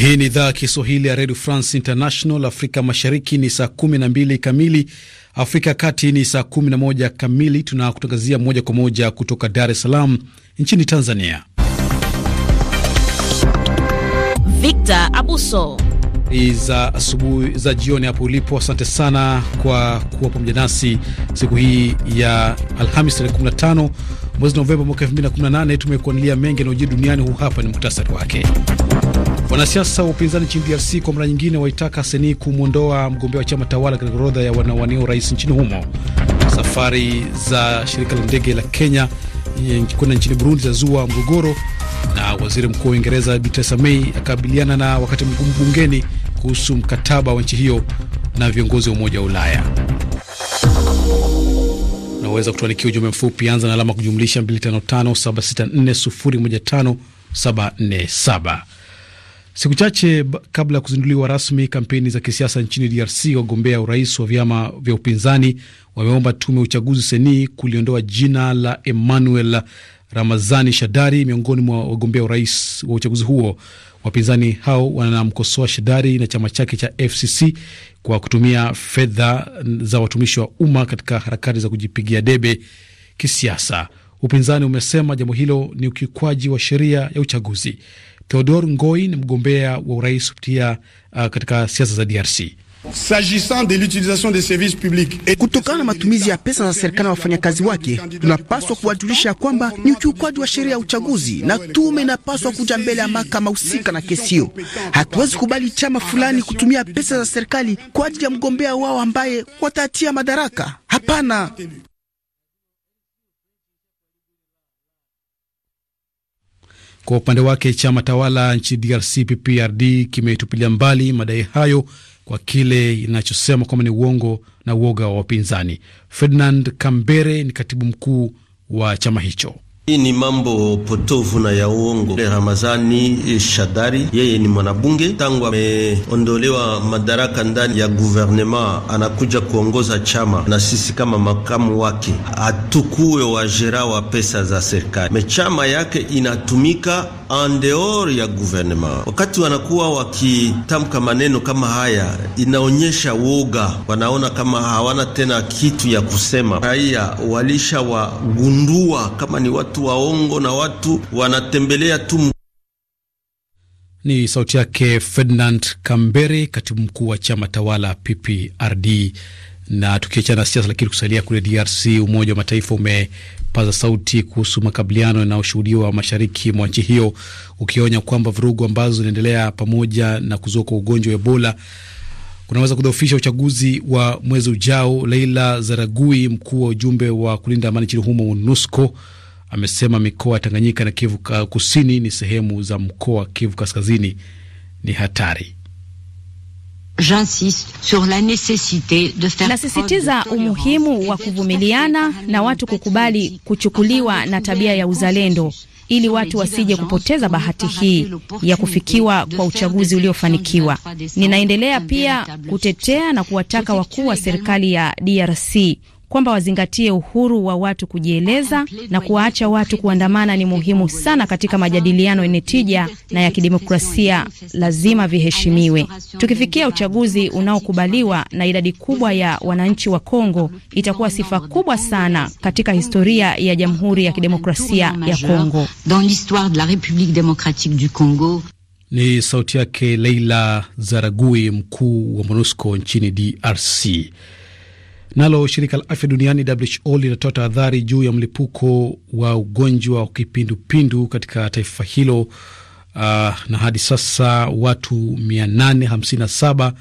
Hii ni idhaa ya Kiswahili ya redio France International. Afrika Mashariki ni saa 12 kamili, Afrika ya Kati ni saa moja kamili. Tunakutangazia moja kwa moja kutoka Dar es Salaam nchini Tanzania. Victor Abuso za asubuhi za jioni hapo ulipo, asante sana kwa kuwa pamoja nasi siku hii ya Alhamis tarehe 15 mwezi Novemba mwaka 2018. Tumekuandalia mengi yanayojiri duniani. Huu hapa ni muktasari wake. Wanasiasa wa upinzani nchini DRC kwa mara nyingine waitaka seni kumwondoa mgombea wa chama tawala katika orodha ya wanawania urais nchini humo. Safari za shirika la ndege la Kenya eh, kwenda nchini Burundi zazua mgogoro, na waziri mkuu wa Uingereza Theresa May akabiliana na wakati mgumu bungeni kuhusu mkataba wa nchi hiyo na viongozi wa Umoja wa Ulaya. Unaweza kutuandikia ujumbe mfupi, anza na alama kujumlisha 255 Siku chache kabla ya kuzinduliwa rasmi kampeni za kisiasa nchini DRC, wagombea urais wa vyama vya upinzani wameomba tume ya uchaguzi seni kuliondoa jina la Emmanuel Ramazani Shadari miongoni mwa wagombea urais wa uchaguzi huo. Wapinzani hao wanamkosoa Shadari na chama chake cha FCC kwa kutumia fedha za watumishi wa umma katika harakati za kujipigia debe kisiasa. Upinzani umesema jambo hilo ni ukiukwaji wa sheria ya uchaguzi theodor Ngoi ni mgombea wa urais kupitia uh, katika siasa za DRC. Kutokana na matumizi ya pesa za serikali na wafanyakazi wake, tunapaswa kuwajulisha ya kwamba ni ukiukwaji wa sheria ya uchaguzi na tume inapaswa kuja mbele ya mahakama husika na kesi hiyo. Hatuwezi kubali chama fulani kutumia pesa za serikali kwa ajili ya mgombea wao ambaye watatia madaraka. Hapana. Kwa upande wake chama tawala nchi DRC PPRD kimetupilia mbali madai hayo kwa kile inachosema kwamba ni uongo na uoga wa wapinzani. Ferdinand Kambere ni katibu mkuu wa chama hicho. Hii ni mambo potovu na ya uongo. Ramazani e, Shadari yeye ni mwanabunge tangu ameondolewa madaraka ndani ya guvernema, anakuja kuongoza chama na sisi kama makamu wake atukue wajera wa pesa za serikali, mechama yake inatumika andeori ya guvernema. Wakati wanakuwa wakitamka maneno kama haya, inaonyesha woga, wanaona kama hawana tena kitu ya kusema. Raia walishawagundua kama ni watu watu waongo na watu wanatembelea tu. Ni sauti yake Ferdinand Kambere, katibu mkuu wa chama tawala PPRD. Na tukiachana siasa, lakini kusalia kule DRC, Umoja wa Mataifa umepaza sauti kuhusu makabiliano yanayoshuhudiwa mashariki mwa nchi hiyo, ukionya kwamba vurugu ambazo zinaendelea pamoja na kuzua kwa ugonjwa wa Ebola kunaweza kudhoofisha uchaguzi wa mwezi ujao. Leila Zaragui, mkuu wa ujumbe wa kulinda amani nchini humo, unusco amesema mikoa ya Tanganyika na Kivu Kusini ni sehemu za mkoa wa Kivu Kaskazini ni hatari. Nasisitiza umuhimu wa kuvumiliana na watu kukubali kuchukuliwa na tabia ya uzalendo ili watu wasije kupoteza bahati hii ya kufikiwa kwa uchaguzi uliofanikiwa. Ninaendelea pia kutetea na kuwataka wakuu wa serikali ya DRC kwamba wazingatie uhuru wa watu kujieleza na kuwaacha watu kuandamana ni muhimu sana katika majadiliano yenye tija na ya kidemokrasia, lazima viheshimiwe. Tukifikia uchaguzi unaokubaliwa na idadi kubwa ya wananchi wa Kongo, itakuwa sifa kubwa sana katika historia ya Jamhuri ya Kidemokrasia ya Kongo. Ni sauti yake Leila Zaragui, mkuu wa MONUSCO nchini DRC. Nalo shirika la afya duniani WHO linatoa tahadhari juu ya mlipuko wa ugonjwa wa kipindupindu katika taifa hilo, uh, na hadi sasa watu 857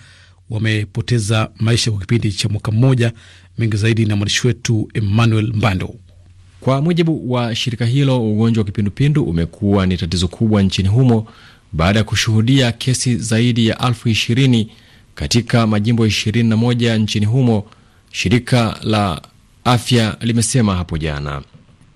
wamepoteza maisha kwa kipindi cha mwaka mmoja. Mengi zaidi na mwandishi wetu Emmanuel Mbando. Kwa mujibu wa shirika hilo, ugonjwa wa kipindupindu umekuwa ni tatizo kubwa nchini humo baada ya kushuhudia kesi zaidi ya elfu katika majimbo 21 nchini humo shirika la afya limesema hapo jana.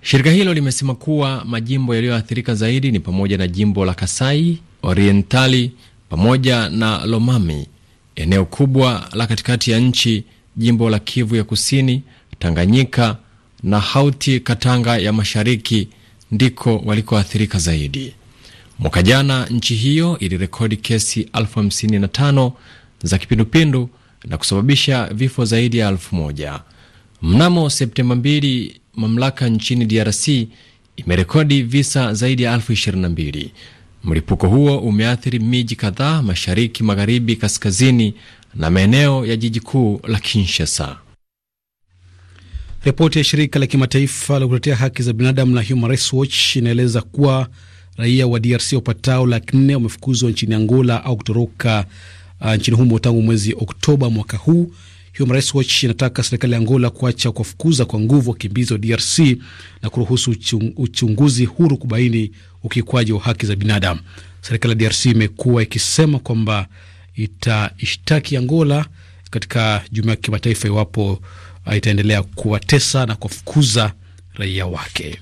Shirika hilo limesema kuwa majimbo yaliyoathirika zaidi ni pamoja na jimbo la Kasai Orientali pamoja na Lomami, eneo kubwa la katikati ya nchi, jimbo la Kivu ya Kusini, Tanganyika na Hauti Katanga ya Mashariki ndiko walikoathirika zaidi. Mwaka jana nchi hiyo ilirekodi kesi elfu hamsini na tano za kipindupindu na kusababisha vifo zaidi ya elfu moja. Mnamo Septemba 2 mamlaka nchini DRC imerekodi visa zaidi ya elfu Mlipuko huo umeathiri miji kadhaa mashariki, magharibi, kaskazini na maeneo ya jiji kuu la Kinshasa. Ripoti ya shirika la kimataifa la kutetea haki za binadamu la Human Rights Watch inaeleza kuwa raia wa DRC wapatao laki nne wamefukuzwa nchini Angola au kutoroka uh, nchini humo tangu mwezi Oktoba mwaka huu. Human Rights Watch inataka serikali ya Angola kuacha kuwafukuza kwa nguvu wakimbizi wa DRC na kuruhusu uchunguzi huru kubaini ukiukwaji wa haki za binadamu. Serikali ya DRC imekuwa ikisema kwamba itaishtaki Angola katika jumuiya ya kimataifa iwapo ah, itaendelea kuwatesa na kuwafukuza raia wake.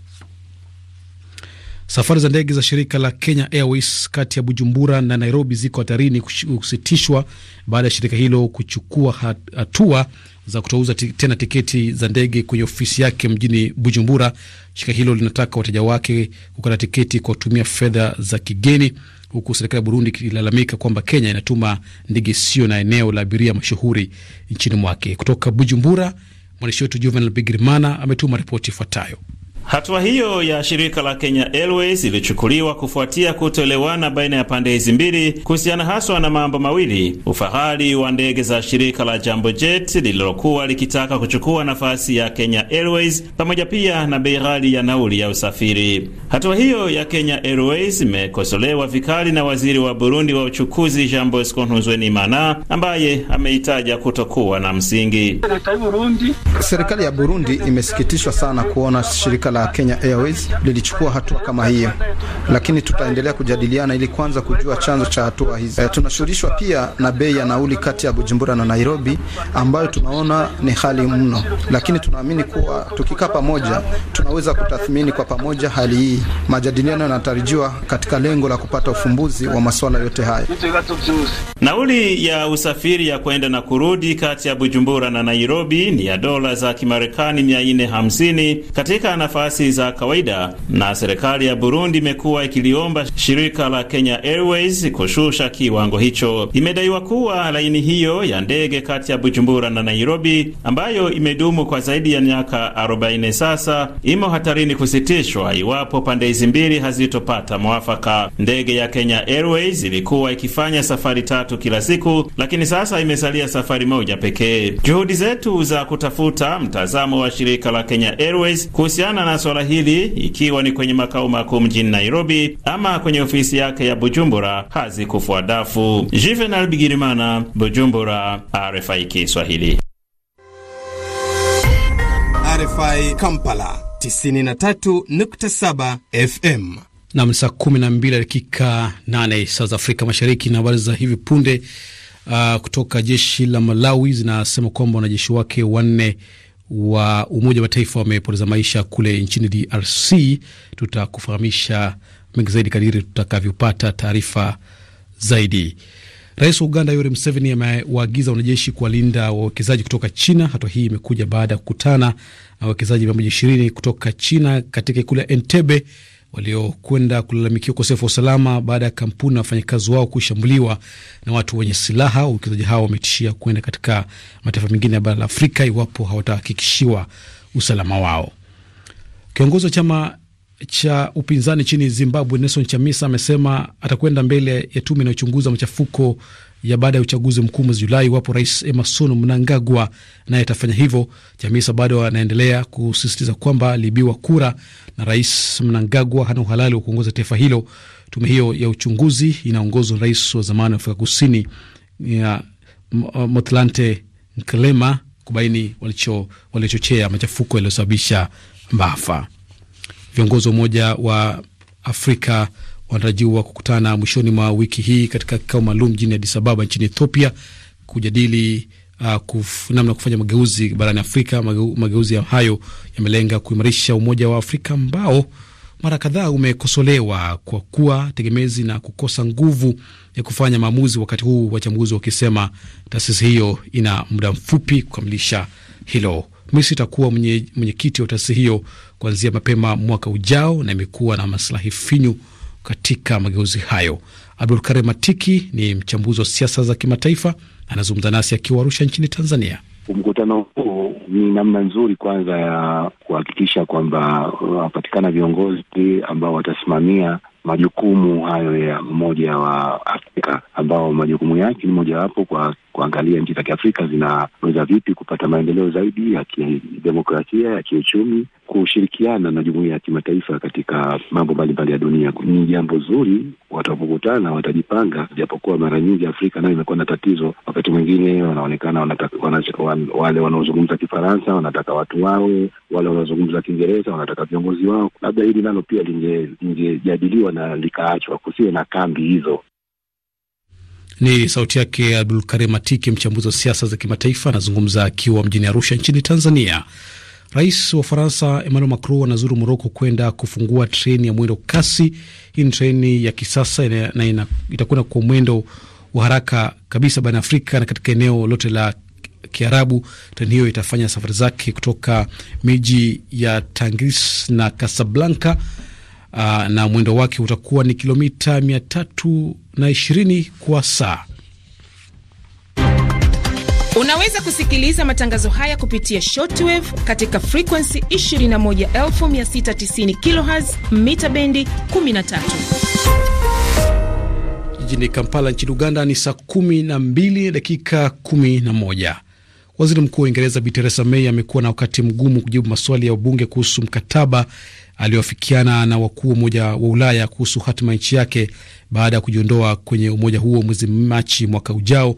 Safari za ndege za shirika la Kenya Airways kati ya Bujumbura na Nairobi ziko hatarini kusitishwa baada ya shirika hilo kuchukua hatua za kutouza tena tiketi za ndege kwenye ofisi yake mjini Bujumbura. Shirika hilo linataka wateja wake kukata tiketi kwa kutumia fedha za kigeni, huku serikali ya Burundi ikilalamika kwamba Kenya inatuma ndege sio na eneo la abiria mashuhuri nchini mwake. Kutoka Bujumbura, mwandishi wetu Juvenal Bigirimana ametuma ripoti ifuatayo. Hatua hiyo ya shirika la Kenya Airways ilichukuliwa kufuatia kutoelewana baina ya pande hizi mbili kuhusiana haswa na mambo mawili: ufahari wa ndege za shirika la Jambo Jet lililokuwa likitaka kuchukua nafasi ya Kenya Airways pamoja pia na bei ghali ya nauli ya usafiri. Hatua hiyo ya Kenya Airways imekosolewa vikali na waziri wa Burundi wa uchukuzi Jean Bosco Ntuzwenimana ambaye ameitaja kutokuwa na msingi. Serikali ya Burundi imesikitishwa sana kuona shirika la Kenya Airways lilichukua hatua kama hiyo, lakini tutaendelea kujadiliana ili kwanza kujua chanzo cha hatua hizi. E, eh, tunashughulishwa pia na bei ya nauli kati ya Bujumbura na Nairobi ambayo tunaona ni hali mno, lakini tunaamini kuwa tukikaa pamoja tunaweza kutathmini kwa pamoja hali hii. Majadiliano yanatarajiwa katika lengo la kupata ufumbuzi wa masuala yote haya. Nauli ya usafiri ya kwenda na kurudi kati ya Bujumbura na Nairobi ni ya dola za Kimarekani 450 katika nafasi kasi za kawaida, na serikali ya Burundi imekuwa ikiliomba shirika la Kenya Airways kushusha kiwango hicho. Imedaiwa kuwa laini hiyo ya ndege kati ya Bujumbura na Nairobi, ambayo imedumu kwa zaidi ya miaka 40 sasa, imo hatarini kusitishwa iwapo pande hizi mbili hazitopata mwafaka. Ndege ya Kenya Airways ilikuwa ikifanya safari tatu kila siku, lakini sasa imesalia safari moja pekee. Juhudi zetu za kutafuta mtazamo wa shirika la Kenya Airways kuhusiana na swala hili ikiwa ni kwenye makao makuu mjini Nairobi ama kwenye ofisi yake ya Bujumbura hazikufua dafu. Juvenal Bigirimana, Bujumbura, RFI Kiswahili. RFI Kampala 93.7 FM. Nam, saa dakika 8 saa za Afrika Mashariki. Na habari za hivi punde uh, kutoka jeshi la Malawi zinasema kwamba wanajeshi wake wanne wa Umoja wa Mataifa wamepoteza maisha kule nchini DRC. Tutakufahamisha mengi zaidi kadiri tutakavyopata taarifa zaidi. Rais wa Uganda Yoweri Museveni amewaagiza wanajeshi kuwalinda wawekezaji kutoka China. Hatua hii imekuja baada ya kukutana na wawekezaji mia moja ishirini kutoka China katika ikulu ya Entebbe waliokwenda kulalamikia ukosefu wa usalama baada ya kampuni na wafanyakazi wao kushambuliwa na watu wenye silaha. Wawekezaji hao wametishia kuenda katika mataifa mengine ya bara la Afrika iwapo hawatahakikishiwa usalama wao. Kiongozi wa chama cha upinzani nchini Zimbabwe Nelson Chamisa amesema atakwenda mbele ya tume inayochunguza machafuko ya baada ya uchaguzi mkuu mwezi Julai iwapo Rais Emerson Mnangagwa naye atafanya hivyo. Chamisa bado anaendelea kusisitiza kwamba aliibiwa kura na Rais Mnangagwa hana uhalali wa kuongoza taifa hilo. Tume hiyo ya uchunguzi inaongozwa na rais wa zamani wa Afrika Kusini ya uh, Motlante Nklema kubaini waliochochea machafuko yaliyosababisha maafa. Viongozi wa Umoja wa Afrika wanatarajiwa kukutana mwishoni mwa wiki hii katika kikao maalum jini Addis Ababa nchini Ethiopia kujadili uh, kuf, namna kufanya mageuzi barani Afrika. Mageu, mageuzi ya hayo yamelenga kuimarisha umoja wa Afrika ambao mara kadhaa umekosolewa kwa kuwa tegemezi na kukosa nguvu ya kufanya maamuzi, wakati huu wachambuzi wakisema taasisi hiyo ina muda mfupi kukamilisha hilo. Misri itakuwa mwenyekiti mwenye wa taasisi hiyo kuanzia mapema mwaka ujao na imekuwa na maslahi finyu katika mageuzi hayo. Abdul Karim Matiki ni mchambuzi wa siasa za kimataifa, anazungumza nasi akiwa Arusha nchini Tanzania. Mkutano huu ni namna nzuri kwanza ya kuhakikisha kwamba wapatikana uh, viongozi ambao watasimamia majukumu hayo ya mmoja wa Afrika ambao majukumu yake ni mojawapo kwa kuangalia nchi za Kiafrika zinaweza vipi kupata maendeleo zaidi ya kidemokrasia, ya kiuchumi, kushirikiana na jumuia ya kimataifa katika mambo mbalimbali ya dunia. Ni jambo zuri, watapokutana watajipanga, japokuwa mara nyingi Afrika nayo imekuwa na tatizo. Wakati mwingine wanaonekana wale wanaozungumza Kifaransa wanataka watu wawe wale wanaozungumza Kiingereza wanataka viongozi wao. Labda hili nalo pia lingejadiliwa na likaachwa, kusiwe na kambi hizo. Ni sauti yake Abdul Karim Atiki, mchambuzi wa siasa za kimataifa, anazungumza akiwa mjini Arusha nchini Tanzania. Rais wa Faransa Emmanuel Macron anazuru Moroko kwenda kufungua treni ya mwendo kasi. Hii ni treni ya kisasa na itakwenda kwa mwendo wa haraka kabisa barani Afrika na katika eneo lote la Kiarabu. Treni hiyo itafanya safari zake kutoka miji ya Tangris na Kasablanka. Uh, ah, na mwendo wake utakuwa ni kilomita 320 kwa saa. Unaweza kusikiliza matangazo haya kupitia shortwave katika frekuensi 21690 kHz mita bendi 13. Jijini Kampala nchini Uganda ni saa 12 dakika 11. Waziri Mkuu wa Uingereza Bi Theresa May amekuwa na wakati mgumu kujibu maswali ya wabunge kuhusu mkataba aliyoafikiana na wakuu wa Umoja wa Ulaya kuhusu hatima nchi yake baada ya kujiondoa kwenye umoja huo mwezi Machi mwaka ujao.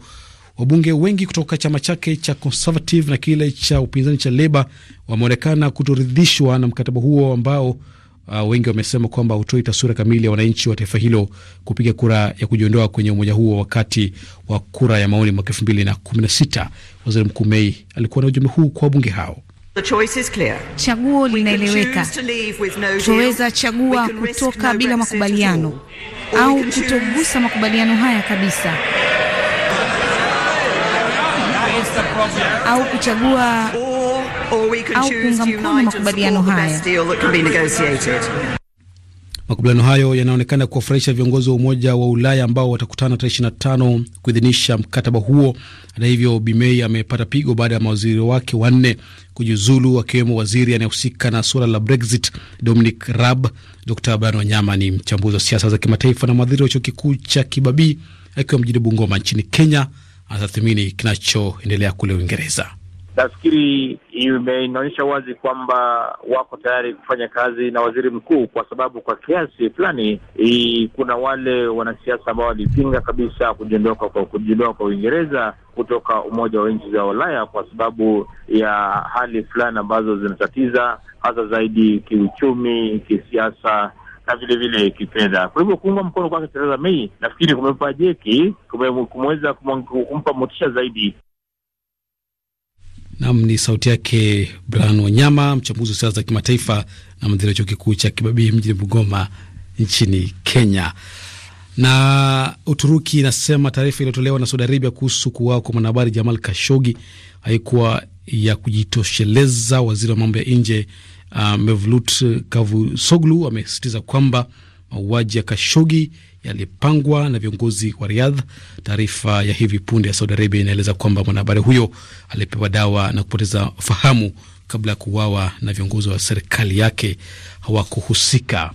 Wabunge wengi kutoka chama chake cha Conservative na kile cha upinzani cha Leba wameonekana kutoridhishwa na mkataba huo ambao uh, wengi wamesema kwamba hutoi taswira kamili ya wananchi wa taifa hilo kupiga kura ya kujiondoa kwenye umoja huo wakati wa kura ya maoni mwaka elfu mbili na kumi na sita. Waziri Mkuu Mei alikuwa na ujumbe huu kwa wabunge hao. Chaguo linaeleweka. Tunaweza chagua kutoka bila makubaliano au kutogusa makubaliano haya kabisa au kuchagua au kuunga mkono makubaliano haya. Makubaliano hayo yanaonekana kuwafurahisha viongozi wa Umoja wa Ulaya ambao watakutana tarehe 25 kuidhinisha mkataba huo. Hata hivyo, Bimei amepata pigo baada ya mawaziri wake wanne kujiuzulu, akiwemo waziri anayehusika na suala la Brexit, Dominic Raab. d Aban Wanyama ni mchambuzi wa siasa za kimataifa na mwadhiri wa chuo kikuu cha Kibabii akiwa mjini Bungoma nchini Kenya atathimini kinachoendelea kule Uingereza. Nafikiri imeinaonyesha wazi kwamba wako tayari kufanya kazi na waziri mkuu, kwa sababu kwa kiasi fulani kuna wale wanasiasa ambao walipinga kabisa kujiondoka kwa kujiondoka kwa Uingereza kutoka Umoja wa Nchi za Ulaya kwa sababu ya hali fulani ambazo zinatatiza hasa zaidi kiuchumi, kisiasa na vile vile kipenda. Kwa hivyo kuunga mkono kwake Theresa May nafikiri kumempa jeki, kumeweza kumpa motisha zaidi. Nam ni sauti yake Brian Wanyama, mchambuzi wa siasa za kimataifa na mhadhiri wa chuo kikuu cha Kibabii mjini Bugoma nchini Kenya. Na Uturuki inasema taarifa iliyotolewa na Saudi Arabia kuhusu kuuawa kwa mwanahabari Jamal Kashogi haikuwa ya kujitosheleza. Waziri wa mambo ya nje Uh, Mevlut Cavusoglu amesisitiza kwamba mauaji ya Kashogi yalipangwa na viongozi wa Riadh. Taarifa ya hivi punde ya Saudi Arabia inaeleza kwamba mwanahabari huyo alipewa dawa na kupoteza fahamu kabla ya kuuawa na viongozi wa serikali yake hawakuhusika.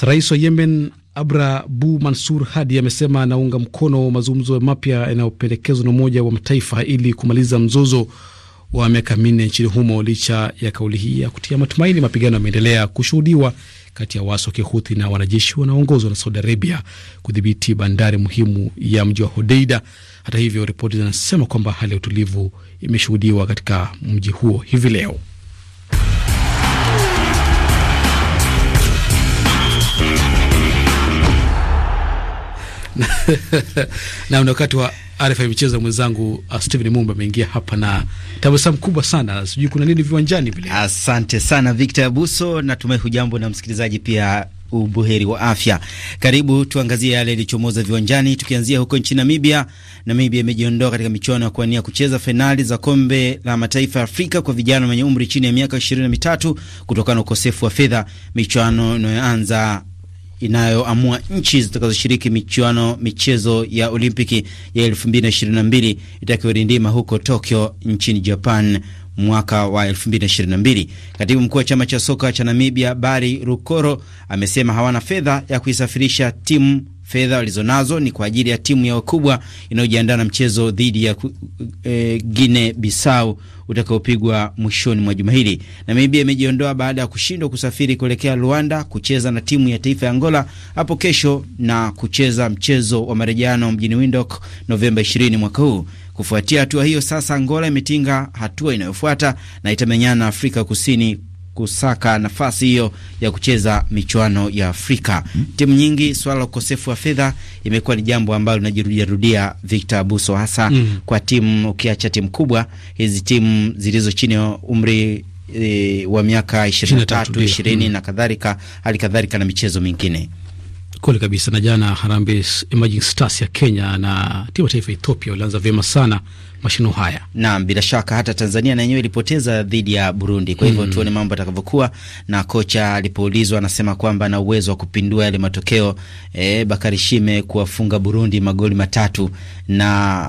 Rais wa Yemen Abrabu Mansur Hadi amesema anaunga mkono mazungumzo mapya yanayopendekezwa na Umoja wa Mataifa ili kumaliza mzozo wa miaka minne nchini humo. Licha ya kauli hii ya kutia matumaini, mapigano yameendelea kushuhudiwa kati ya waasi wa kihuthi na wanajeshi wanaoongozwa na Saudi Arabia kudhibiti bandari muhimu ya mji wa Hodeida. Hata hivyo, ripoti zinasema kwamba hali ya utulivu imeshuhudiwa katika mji huo hivi leo. na wakati wa RFI michezo mwenzangu uh, Steven Mumba ameingia hapa na tabasamu kubwa sana, sijui kuna nini viwanjani vile. Asante sana Victor Abuso, natumai hujambo na msikilizaji pia ubuheri wa afya. Karibu tuangazie yale yalichomoza viwanjani, tukianzia huko nchini Namibia. Namibia imejiondoa katika michuano ya kuania kucheza fainali za kombe la mataifa ya Afrika kwa vijana wenye umri chini ya miaka 23 kutokana na ukosefu wa fedha, michuano inayoanza inayoamua nchi zitakazoshiriki michuano michezo ya Olimpiki ya 2022 itakayorindima huko Tokyo nchini Japan mwaka wa 2022. Katibu mkuu wa chama cha soka cha Namibia Bari Rukoro amesema hawana fedha ya kuisafirisha timu Fedha walizonazo ni kwa ajili ya timu yao kubwa inayojiandaa na mchezo dhidi ya e, Guinea Bissau utakaopigwa mwishoni mwa juma hili. Namibia imejiondoa baada ya kushindwa kusafiri kuelekea Luanda kucheza na timu ya taifa ya Angola hapo kesho na kucheza mchezo wa marejano mjini Windhoek Novemba 20 mwaka huu. Kufuatia hatua hiyo, sasa Angola imetinga hatua inayofuata na itamenyana Afrika Kusini kusaka nafasi hiyo ya kucheza michuano ya Afrika. Mm. Timu nyingi swala la ukosefu wa fedha imekuwa ni jambo ambalo linajirudiarudia, rudia, Victor Abuso, hasa mm. kwa timu, ukiacha timu kubwa, hizi timu zilizo chini ya umri e, wa miaka ishirini na tatu ishirini na hmm. kadhalika, hali kadhalika na michezo mingine. Kweli kabisa. Na jana Harambee Emerging Stars ya Kenya na timu taifa Ethiopia walianza vyema sana mashino haya. Naam, bila shaka hata Tanzania na yenyewe ilipoteza dhidi ya Burundi. Kwa hivyo mm, tuone mambo atakavyokuwa, na kocha alipoulizwa anasema kwamba ana uwezo wa kupindua yale matokeo e, eh, Bakari Shime kuwafunga Burundi magoli matatu na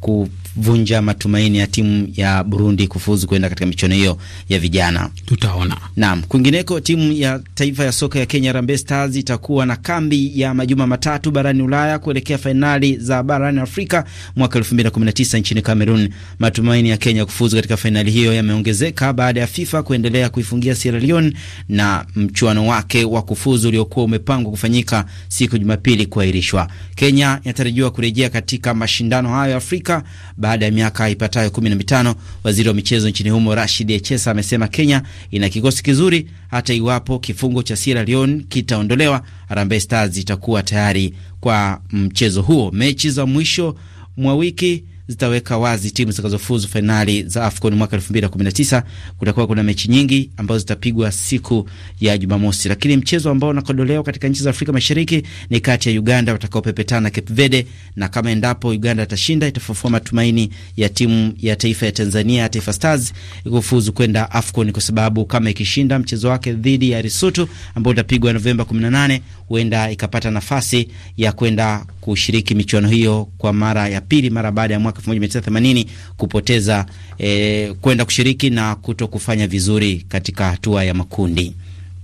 ku kuvunja matumaini ya timu ya Burundi kufuzu kwenda katika michuano hiyo ya vijana. Tutaona. Naam, kwingineko timu ya taifa ya soka ya Kenya Harambee Stars itakuwa na kambi ya majuma matatu barani Ulaya kuelekea fainali za barani Afrika mwaka 2019 nchini Cameroon. Matumaini ya Kenya kufuzu katika fainali hiyo yameongezeka baada ya FIFA kuendelea kuifungia Sierra Leone na mchuano wake wa kufuzu uliokuwa umepangwa kufanyika siku Jumapili kuahirishwa. Kenya inatarajiwa kurejea katika mashindano hayo ya Afrika baada ya miaka ipatayo mitano. Waziri wa michezo nchini humo Rashid Echesa amesema Kenya ina kikosi kizuri, hata iwapo kifungo cha Sierra Leone kitaondolewa, Harambee Stars itakuwa tayari kwa mchezo huo. Mechi za mwisho mwa wiki zitaweka wazi timu zitakazofuzu fainali za AFCON mwaka 2019. Kutakuwa kuna mechi nyingi ambazo zitapigwa siku ya Jumamosi, lakini mchezo ambao unakodolewa katika nchi za Afrika Mashariki ni kati ya Uganda watakaopepetana Cape Verde, na kama endapo Uganda atashinda itafufua matumaini ya timu ya taifa ya Tanzania, Taifa Stars, kufuzu kwenda AFCON, kwa sababu kama ikishinda mchezo wake dhidi ya Lesotho ambao utapigwa Novemba 18, huenda ikapata nafasi ya kwenda kushiriki michuano hiyo kwa mara ya pili mara baada ya mwaka 1980 kupoteza eh, kwenda kushiriki na kuto kufanya vizuri katika hatua ya makundi.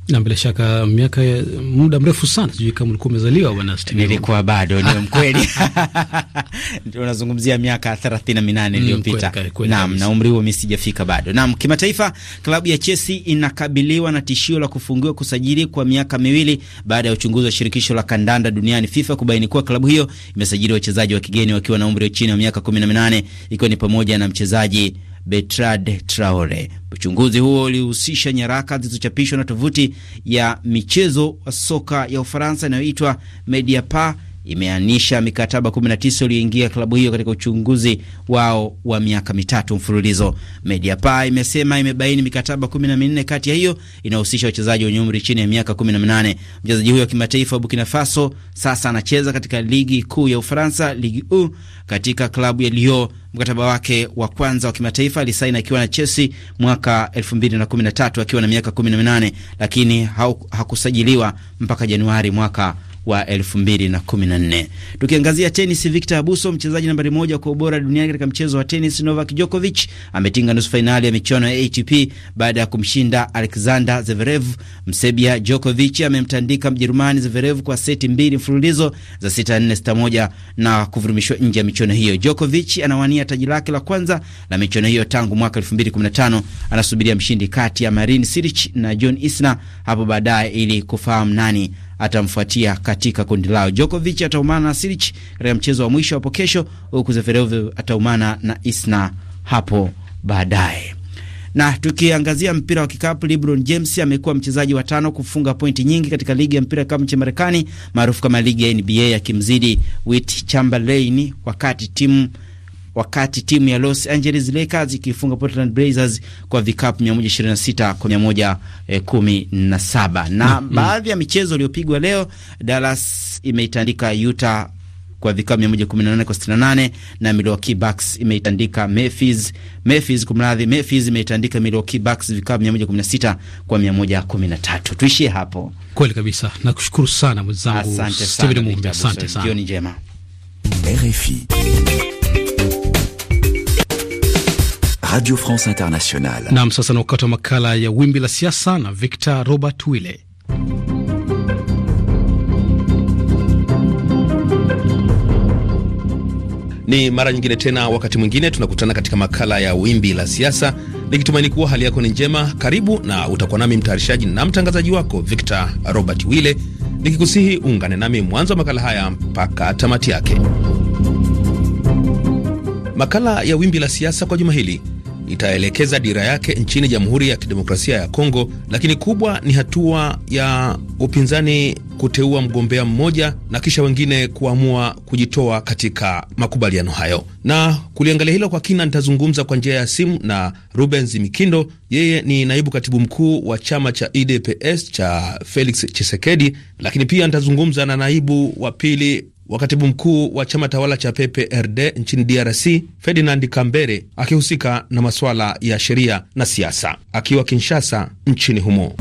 Na bila shaka miaka muda mrefu sana, sijui kama ulikuwa umezaliwa bwana Nilikuwa bado, ndio mkweli. Unazungumzia miaka 38 mm, iliyopita. Naam, na umri huo mimi sijafika bado. Naam, kimataifa klabu ya Chelsea inakabiliwa na tishio la kufungiwa kusajili kwa miaka miwili baada ya uchunguzi wa shirikisho la kandanda duniani FIFA kubaini kuwa klabu hiyo imesajili wachezaji wa kigeni wakiwa na umri chini ya miaka 18 ikiwa ni pamoja na mchezaji Bertrand Traore. Uchunguzi huo ulihusisha nyaraka zilizochapishwa na tovuti ya michezo wa soka ya Ufaransa inayoitwa Mediapart imeanisha mikataba 19 iliyoingia klabu hiyo katika uchunguzi wao wa miaka mitatu mfululizo. Mediapaa imesema imebaini mikataba 14 kati ya hiyo inahusisha wachezaji wenye umri chini ya miaka 18. Mchezaji huyo wa kimataifa wa Burkina Faso sasa anacheza katika ligi kuu ya Ufaransa, Ligue 1 katika klabu ya Lyon. Mkataba wake wa kwanza wa kimataifa alisaini akiwa na Chelsea mwaka 2013 akiwa na miaka 18, lakini hakusajiliwa mpaka Januari mwaka wa 2014. Tukiangazia tenis, Victor Abuso, mchezaji nambari moja kwa ubora duniani katika mchezo wa tenis, Novak Djokovic ametinga nusu fainali ya michuano ya ATP baada ya kumshinda Alexander Zverev. Msebia Djokovic amemtandika Mjerumani Zverev kwa seti mbili mfululizo za 6-4, 6-1 na kuvurumishwa nje ya michuano hiyo. Djokovic anawania taji lake la kwanza la michuano hiyo tangu mwaka 2015. Anasubiria mshindi kati ya Marin Cilic na John Isner hapo baadaye ili kufahamu nani atamfuatia katika kundi lao. Djokovic ataumana na Silic katika mchezo wa mwisho hapo kesho, huku Zverev ataumana na Isner hapo baadaye. Na tukiangazia mpira wa kikapu, LeBron James amekuwa mchezaji wa tano kufunga pointi nyingi katika ligi ya mpira kikapu nchini Marekani, maarufu kama ligi ya NBA, akimzidi Wilt Chamberlain wakati timu wakati timu ya Los Angeles Lakers ikifunga Portland Blazers kwa vikapu 126 kwa 117. Na mm -hmm. baadhi ya michezo iliyopigwa leo, Dallas imeitandika Utah kwa vikapu 118 kwa 68, na Milwaukee Bucks imeitandika Memphis Memphis, kumradhi, Memphis imeitandika Milwaukee Bucks vikapu 116 kwa 113. Tuishie hapo. Kweli kabisa, nakushukuru sana mwenzangu Steven Mumbi, asante sana. Jioni njema, RFI. Radio France Internationale. Naam, sasa ni wakati wa makala ya wimbi la siasa na Victor Robert Wille. Ni mara nyingine tena, wakati mwingine tunakutana katika makala ya wimbi la siasa, nikitumaini kuwa hali yako ni njema. Karibu na utakuwa nami mtayarishaji na mtangazaji wako Victor Robert Wille, nikikusihi uungane nami mwanzo wa makala haya mpaka tamati yake. Makala ya wimbi la siasa kwa juma hili itaelekeza dira yake nchini Jamhuri ya Kidemokrasia ya Kongo, lakini kubwa ni hatua ya upinzani kuteua mgombea mmoja na kisha wengine kuamua kujitoa katika makubaliano hayo. Na kuliangalia hilo kwa kina, nitazungumza kwa njia ya simu na Ruben Zimikindo. Yeye ni naibu katibu mkuu wa chama cha edps cha Felix Chisekedi, lakini pia nitazungumza na naibu wa pili wa katibu mkuu wa chama tawala cha PPRD nchini DRC Ferdinand Kambere akihusika na masuala ya sheria na siasa akiwa Kinshasa nchini humo.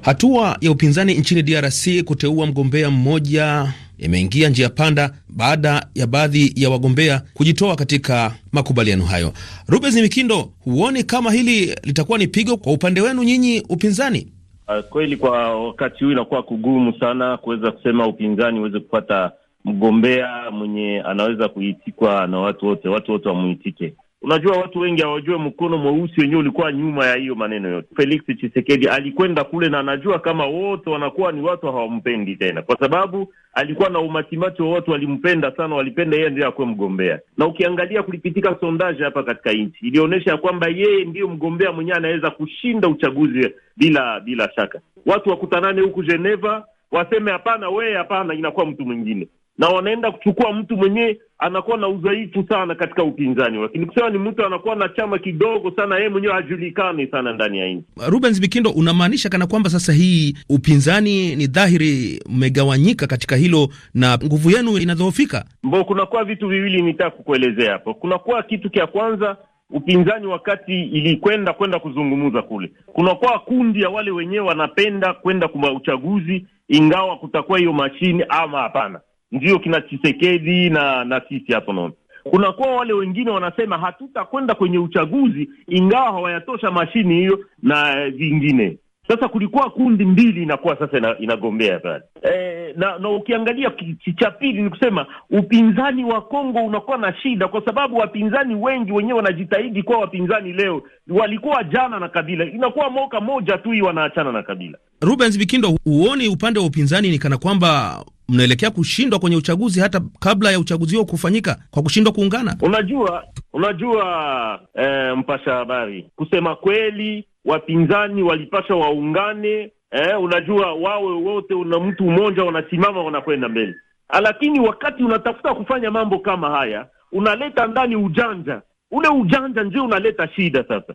Hatua ya upinzani nchini DRC kuteua mgombea mmoja imeingia njia panda baada ya baadhi ya wagombea kujitoa katika makubaliano hayo. Rubens Mikindo, huoni kama hili litakuwa ni pigo kwa upande wenu nyinyi upinzani? Ah, kweli kwa wakati huu inakuwa kugumu sana kuweza kusema upinzani uweze kupata mgombea mwenye anaweza kuitikwa na watu wote, watu wote wamuitike. Unajua, watu wengi hawajue mkono mweusi wenyewe ulikuwa nyuma ya hiyo maneno yote. Felix chisekedi alikwenda kule na anajua kama wote wanakuwa ni watu hawampendi tena, kwa sababu alikuwa na umatimati wa watu walimpenda sana, walipenda yeye ndiye akuwe mgombea. Na ukiangalia kulipitika sondaji hapa katika nchi ilionyesha ya kwamba yeye ndiyo mgombea mwenyewe anaweza kushinda uchaguzi bila bila shaka. Watu wakutanane huku Geneva waseme hapana, wewe hapana, inakuwa mtu mwingine na wanaenda kuchukua mtu mwenyewe anakuwa na udhaifu sana katika upinzani, lakini kusema ni mtu anakuwa na chama kidogo sana, yeye mwenyewe hajulikani sana ndani ya nchi. Rubens Bikindo, unamaanisha kana kwamba sasa hii upinzani ni dhahiri mmegawanyika katika hilo na nguvu yenu inadhoofika? Mbo, kunakuwa vitu viwili nitaka kukuelezea hapo. Kunakuwa kitu cha kwanza upinzani wakati ilikwenda kwenda kuzungumza kule, kunakuwa kundi ya wale wenyewe wanapenda kwenda kwa uchaguzi, ingawa kutakuwa hiyo mashine ama hapana ndio kina Chisekedi na na sisi hapo naona kunakuwa wale wengine wanasema hatutakwenda kwenye uchaguzi ingawa hawayatosha mashini hiyo na eh, vingine. Sasa kulikuwa kundi mbili inakuwa sasa ina, inagombea pale e, na, na ukiangalia cha pili ni kusema upinzani wa Kongo unakuwa na shida, kwa sababu wapinzani wengi wenyewe wanajitahidi kuwa wapinzani leo, walikuwa jana na Kabila, inakuwa moka moja tu hii wanaachana na Kabila. Rubens Bikindo, huoni upande wa upinzani ni kana kwamba mnaelekea kushindwa kwenye uchaguzi hata kabla ya uchaguzi huo kufanyika kwa kushindwa kuungana. Unajua, unajua eh, mpasha habari, kusema kweli, wapinzani walipasha waungane eh, unajua wawe wote una mtu mmoja, wanasimama wanakwenda mbele, ah, lakini wakati unatafuta kufanya mambo kama haya unaleta ndani ujanja, ule ujanja ndio unaleta shida sasa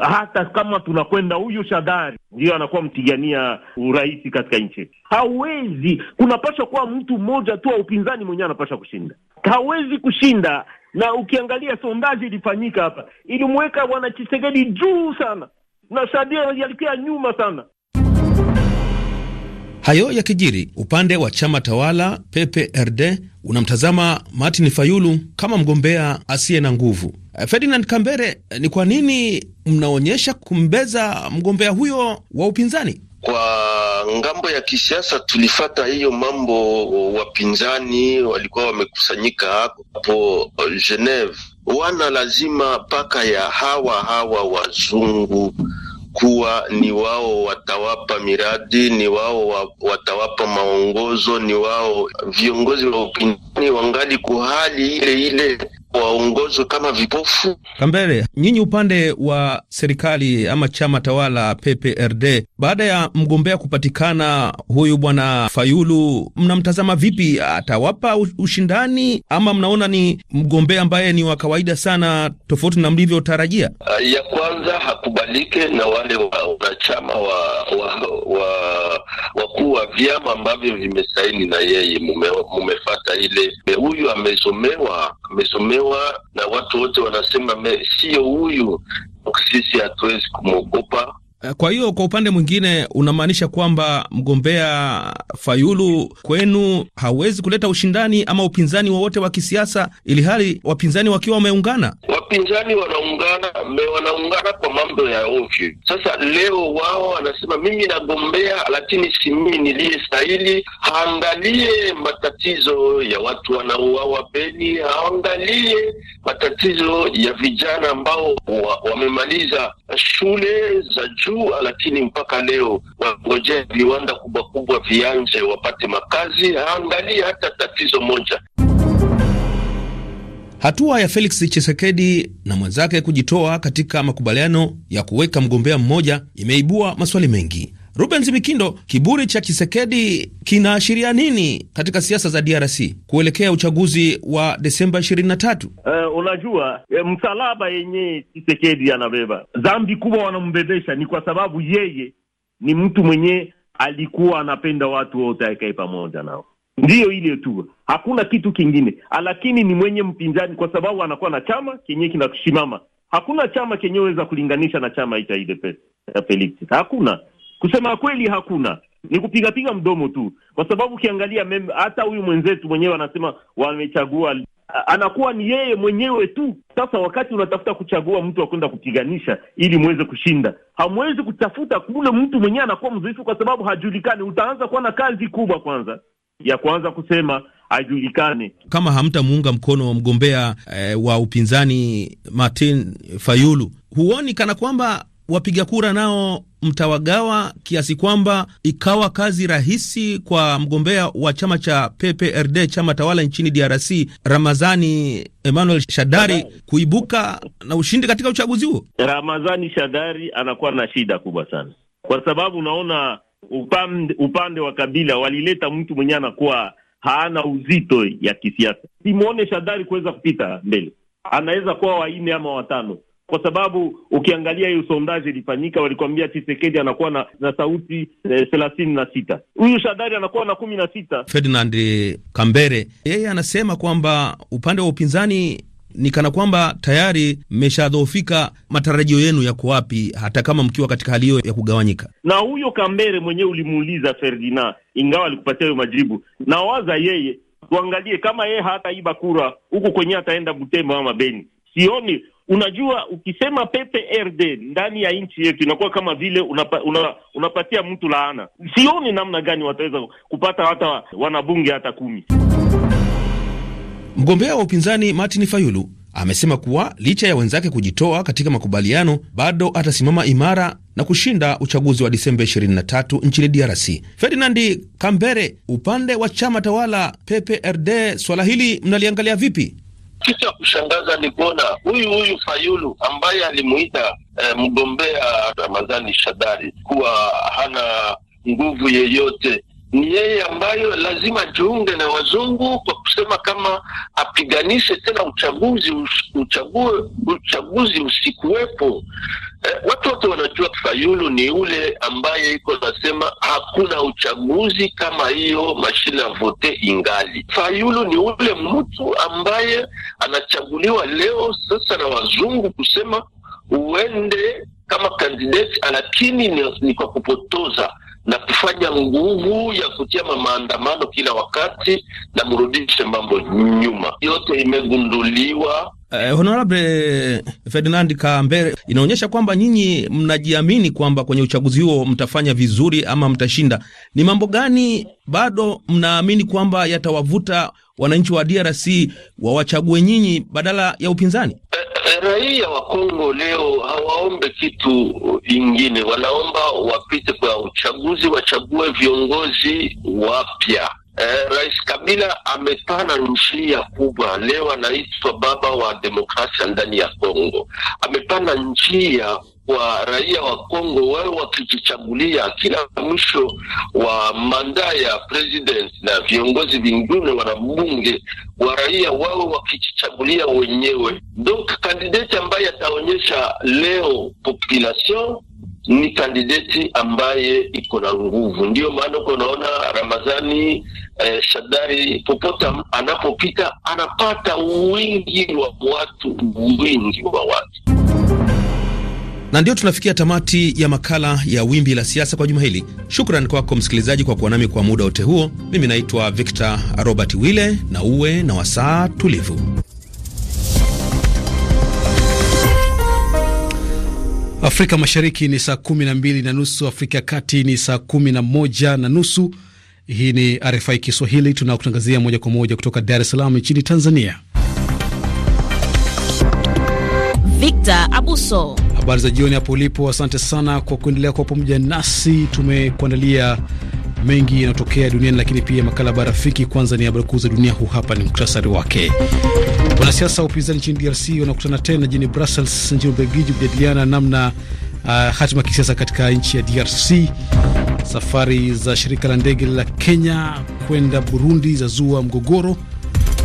hata kama tunakwenda huyu Shadari ndiyo anakuwa mtigania urais katika nchi yetu, hawezi. kunapashwa kuwa mtu mmoja tu wa upinzani mwenyewe anapasha kushinda, hawezi kushinda. Na ukiangalia sondaji ilifanyika hapa, ilimweka bwana Chisegedi juu sana na Shadia yalikia nyuma sana. Hayo ya kijiri upande wa chama tawala PPRD unamtazama Martin Fayulu kama mgombea asiye na nguvu Eh, Ferdinand Kambere, eh, ni kwa nini mnaonyesha kumbeza mgombea huyo wa upinzani? Kwa ngambo ya kisiasa tulifata hiyo mambo, wapinzani walikuwa wamekusanyika hapo Geneve, wana lazima mpaka ya hawa hawa wazungu kuwa ni wao watawapa miradi, ni wao watawapa maongozo, ni wao viongozi wa upinzani wangali kuhali ile ile waongozwe kama vipofu. Kambele, nyinyi upande wa serikali ama chama tawala PPRD, baada ya mgombea kupatikana huyu bwana Fayulu, mnamtazama vipi? Atawapa ushindani ama mnaona ni mgombea ambaye ni wa kawaida sana, tofauti na mlivyotarajia? Uh, ya kwanza hakubalike na wale wanachama wa wakuu wa, wa, wa vyama ambavyo vimesaini na yeye. Mumefata ile huyu amesomewa amesomewa kuelewa, na watu wote wanasema sio huyu, sisi hatuwezi kumwogopa Eh, kwa hiyo kwa upande mwingine unamaanisha kwamba mgombea Fayulu kwenu hawezi kuleta ushindani ama upinzani wowote wa, kisiasa, ili hali wapinzani wakiwa wameungana. Wapinzani wanaungana wanaungana kwa mambo ya ovyo. Sasa leo wao wanasema mimi nagombea, lakini si mimi niliye stahili. Haangalie matatizo ya watu wanaouawa Beni, haangalie matatizo ya vijana ambao wamemaliza shule za tu, lakini mpaka leo wangojea viwanda kubwa kubwa vianje wapate makazi, haangalie hata tatizo moja. Hatua ya Felix Chisekedi na mwenzake kujitoa katika makubaliano ya kuweka mgombea mmoja imeibua maswali mengi. Rubens Mikindo, kiburi cha Chisekedi kinaashiria nini katika siasa za DRC kuelekea uchaguzi wa Desemba ishirini na tatu? Uh, unajua e, msalaba yenyewe Chisekedi anabeba dhambi kubwa, wanambebesha ni kwa sababu yeye ni mtu mwenye alikuwa anapenda watu wote akae pamoja nao, ndiyo ile tu, hakuna kitu kingine, lakini ni mwenye mpinzani kwa sababu anakuwa na chama kenyewe kinasimama Hakuna chama kenyewe weza kulinganisha na chama cha ile pesa ya Felix, hakuna Kusema kweli, hakuna ni kupigapiga mdomo tu, kwa sababu ukiangalia hata huyu mwenzetu mwenyewe anasema wamechagua anakuwa ni yeye mwenyewe tu. Sasa wakati unatafuta kuchagua mtu wa kwenda kupiganisha ili mweze kushinda, hamwezi kutafuta kule mtu mwenyewe anakuwa mzoefu, kwa sababu hajulikani. Utaanza kuwa na kazi kubwa kwanza ya kuanza kusema hajulikane. Kama hamtamuunga mkono wa mgombea e, wa upinzani Martin Fayulu, huoni kana kwamba wapiga kura nao mtawagawa kiasi kwamba ikawa kazi rahisi kwa mgombea wa chama cha PPRD, chama tawala nchini DRC, Ramazani Emmanuel Shadari kuibuka na ushindi katika uchaguzi huo? Ramazani Shadari anakuwa na shida kubwa sana, kwa sababu unaona upande, upande wa Kabila walileta mtu mwenyewe anakuwa haana uzito ya kisiasa. simwone Shadari kuweza kupita mbele, anaweza kuwa wanne ama watano kwa sababu ukiangalia hiyo sondaji ilifanyika, walikuambia Tshisekedi anakuwa na, na sauti eh, thelathini na sita, huyu Shadari anakuwa na kumi na sita. Ferdinand Kambere yeye anasema kwamba upande wa upinzani ni kana kwamba tayari mmeshadhoofika. Matarajio yenu yako wapi, hata kama mkiwa katika hali hiyo ya kugawanyika? Na huyo Kambere mwenyewe ulimuuliza Ferdinand, ingawa alikupatia hiyo majibu. Nawaza yeye tuangalie kama yeye hataiba kura huku kwenyewe, ataenda Butembo ama Beni, sioni Unajua, ukisema PPRD ndani ya nchi yetu inakuwa kama vile unapa, una, unapatia mtu laana. Sioni namna gani wataweza kupata hata wanabunge hata kumi. Mgombea wa upinzani Martin Fayulu amesema kuwa licha ya wenzake kujitoa katika makubaliano bado atasimama imara na kushinda uchaguzi wa Disemba 23 nchini DRC. Ferdinandi Kambere, upande wa chama tawala PPRD, swala hili mnaliangalia vipi? kitu ya kushangaza ni kuona huyu huyu Fayulu ambaye alimuita eh, mgombea Ramadhani Shadari kuwa hana nguvu yeyote ni yeye ambayo lazima jiunge na wazungu kwa kusema kama apiganishe tena uchaguzi, uchaguzi usikuwepo eh, watu wote wanajua Fayulu ni ule ambaye iko nasema hakuna uchaguzi kama hiyo mashine ya vote ingali. Fayulu ni ule mtu ambaye anachaguliwa leo sasa na wazungu kusema uende kama kandidati, lakini ni, ni kwa kupotoza na kufanya nguvu ya kutia maandamano kila wakati na mrudishe mambo nyuma. Yote imegunduliwa Eh, Honorable Ferdinand Kambere, inaonyesha kwamba nyinyi mnajiamini kwamba kwenye uchaguzi huo mtafanya vizuri ama mtashinda. Ni mambo gani bado mnaamini kwamba yatawavuta wananchi wa DRC wawachague nyinyi badala ya upinzani? Eh, raia wa Kongo leo hawaombe kitu ingine, wanaomba wapite kwa uchaguzi, wachague viongozi wapya Eh, Rais Kabila amepana njia kubwa leo, anaitwa baba wa demokrasia ndani ya Kongo. Amepana njia kwa raia wa Kongo, wao wakijichagulia kila mwisho wa manda ya president na viongozi vingine wanabunge wa raia wao wakijichagulia wenyewe, donc kandideti ambaye ataonyesha leo population ni kandideti ambaye iko na nguvu. Ndiyo maana uko naona Ramadhani eh, Shadari popote anapopita anapata wingi wa watu, wingi wa watu na ndio tunafikia tamati ya makala ya Wimbi la Siasa kwa juma hili. Shukran kwako msikilizaji kwa kuwa nami kwa muda wote huo. Mimi naitwa Victor Robert Wille, na uwe na wasaa tulivu. Afrika Mashariki ni saa kumi na mbili na nusu, Afrika ya Kati ni saa kumi na moja na nusu. Hii ni RFI Kiswahili, tunakutangazia moja kwa moja kutoka Dar es Salaam nchini Tanzania. Victor Abuso, habari za jioni hapo ulipo. Asante sana kwa kuendelea kuwa pamoja nasi. Tumekuandalia mengi yanayotokea duniani, lakini pia makala ya rafiki. Kwanza ni habari kuu za dunia, huu hapa ni muktasari wake. Wanasiasa wa upinzani nchini DRC wanakutana tena jini Brussels nchini Ubelgiji kujadiliana namna uh, hatima kisiasa katika nchi ya DRC. Safari za shirika la ndege la Kenya kwenda Burundi zazua mgogoro,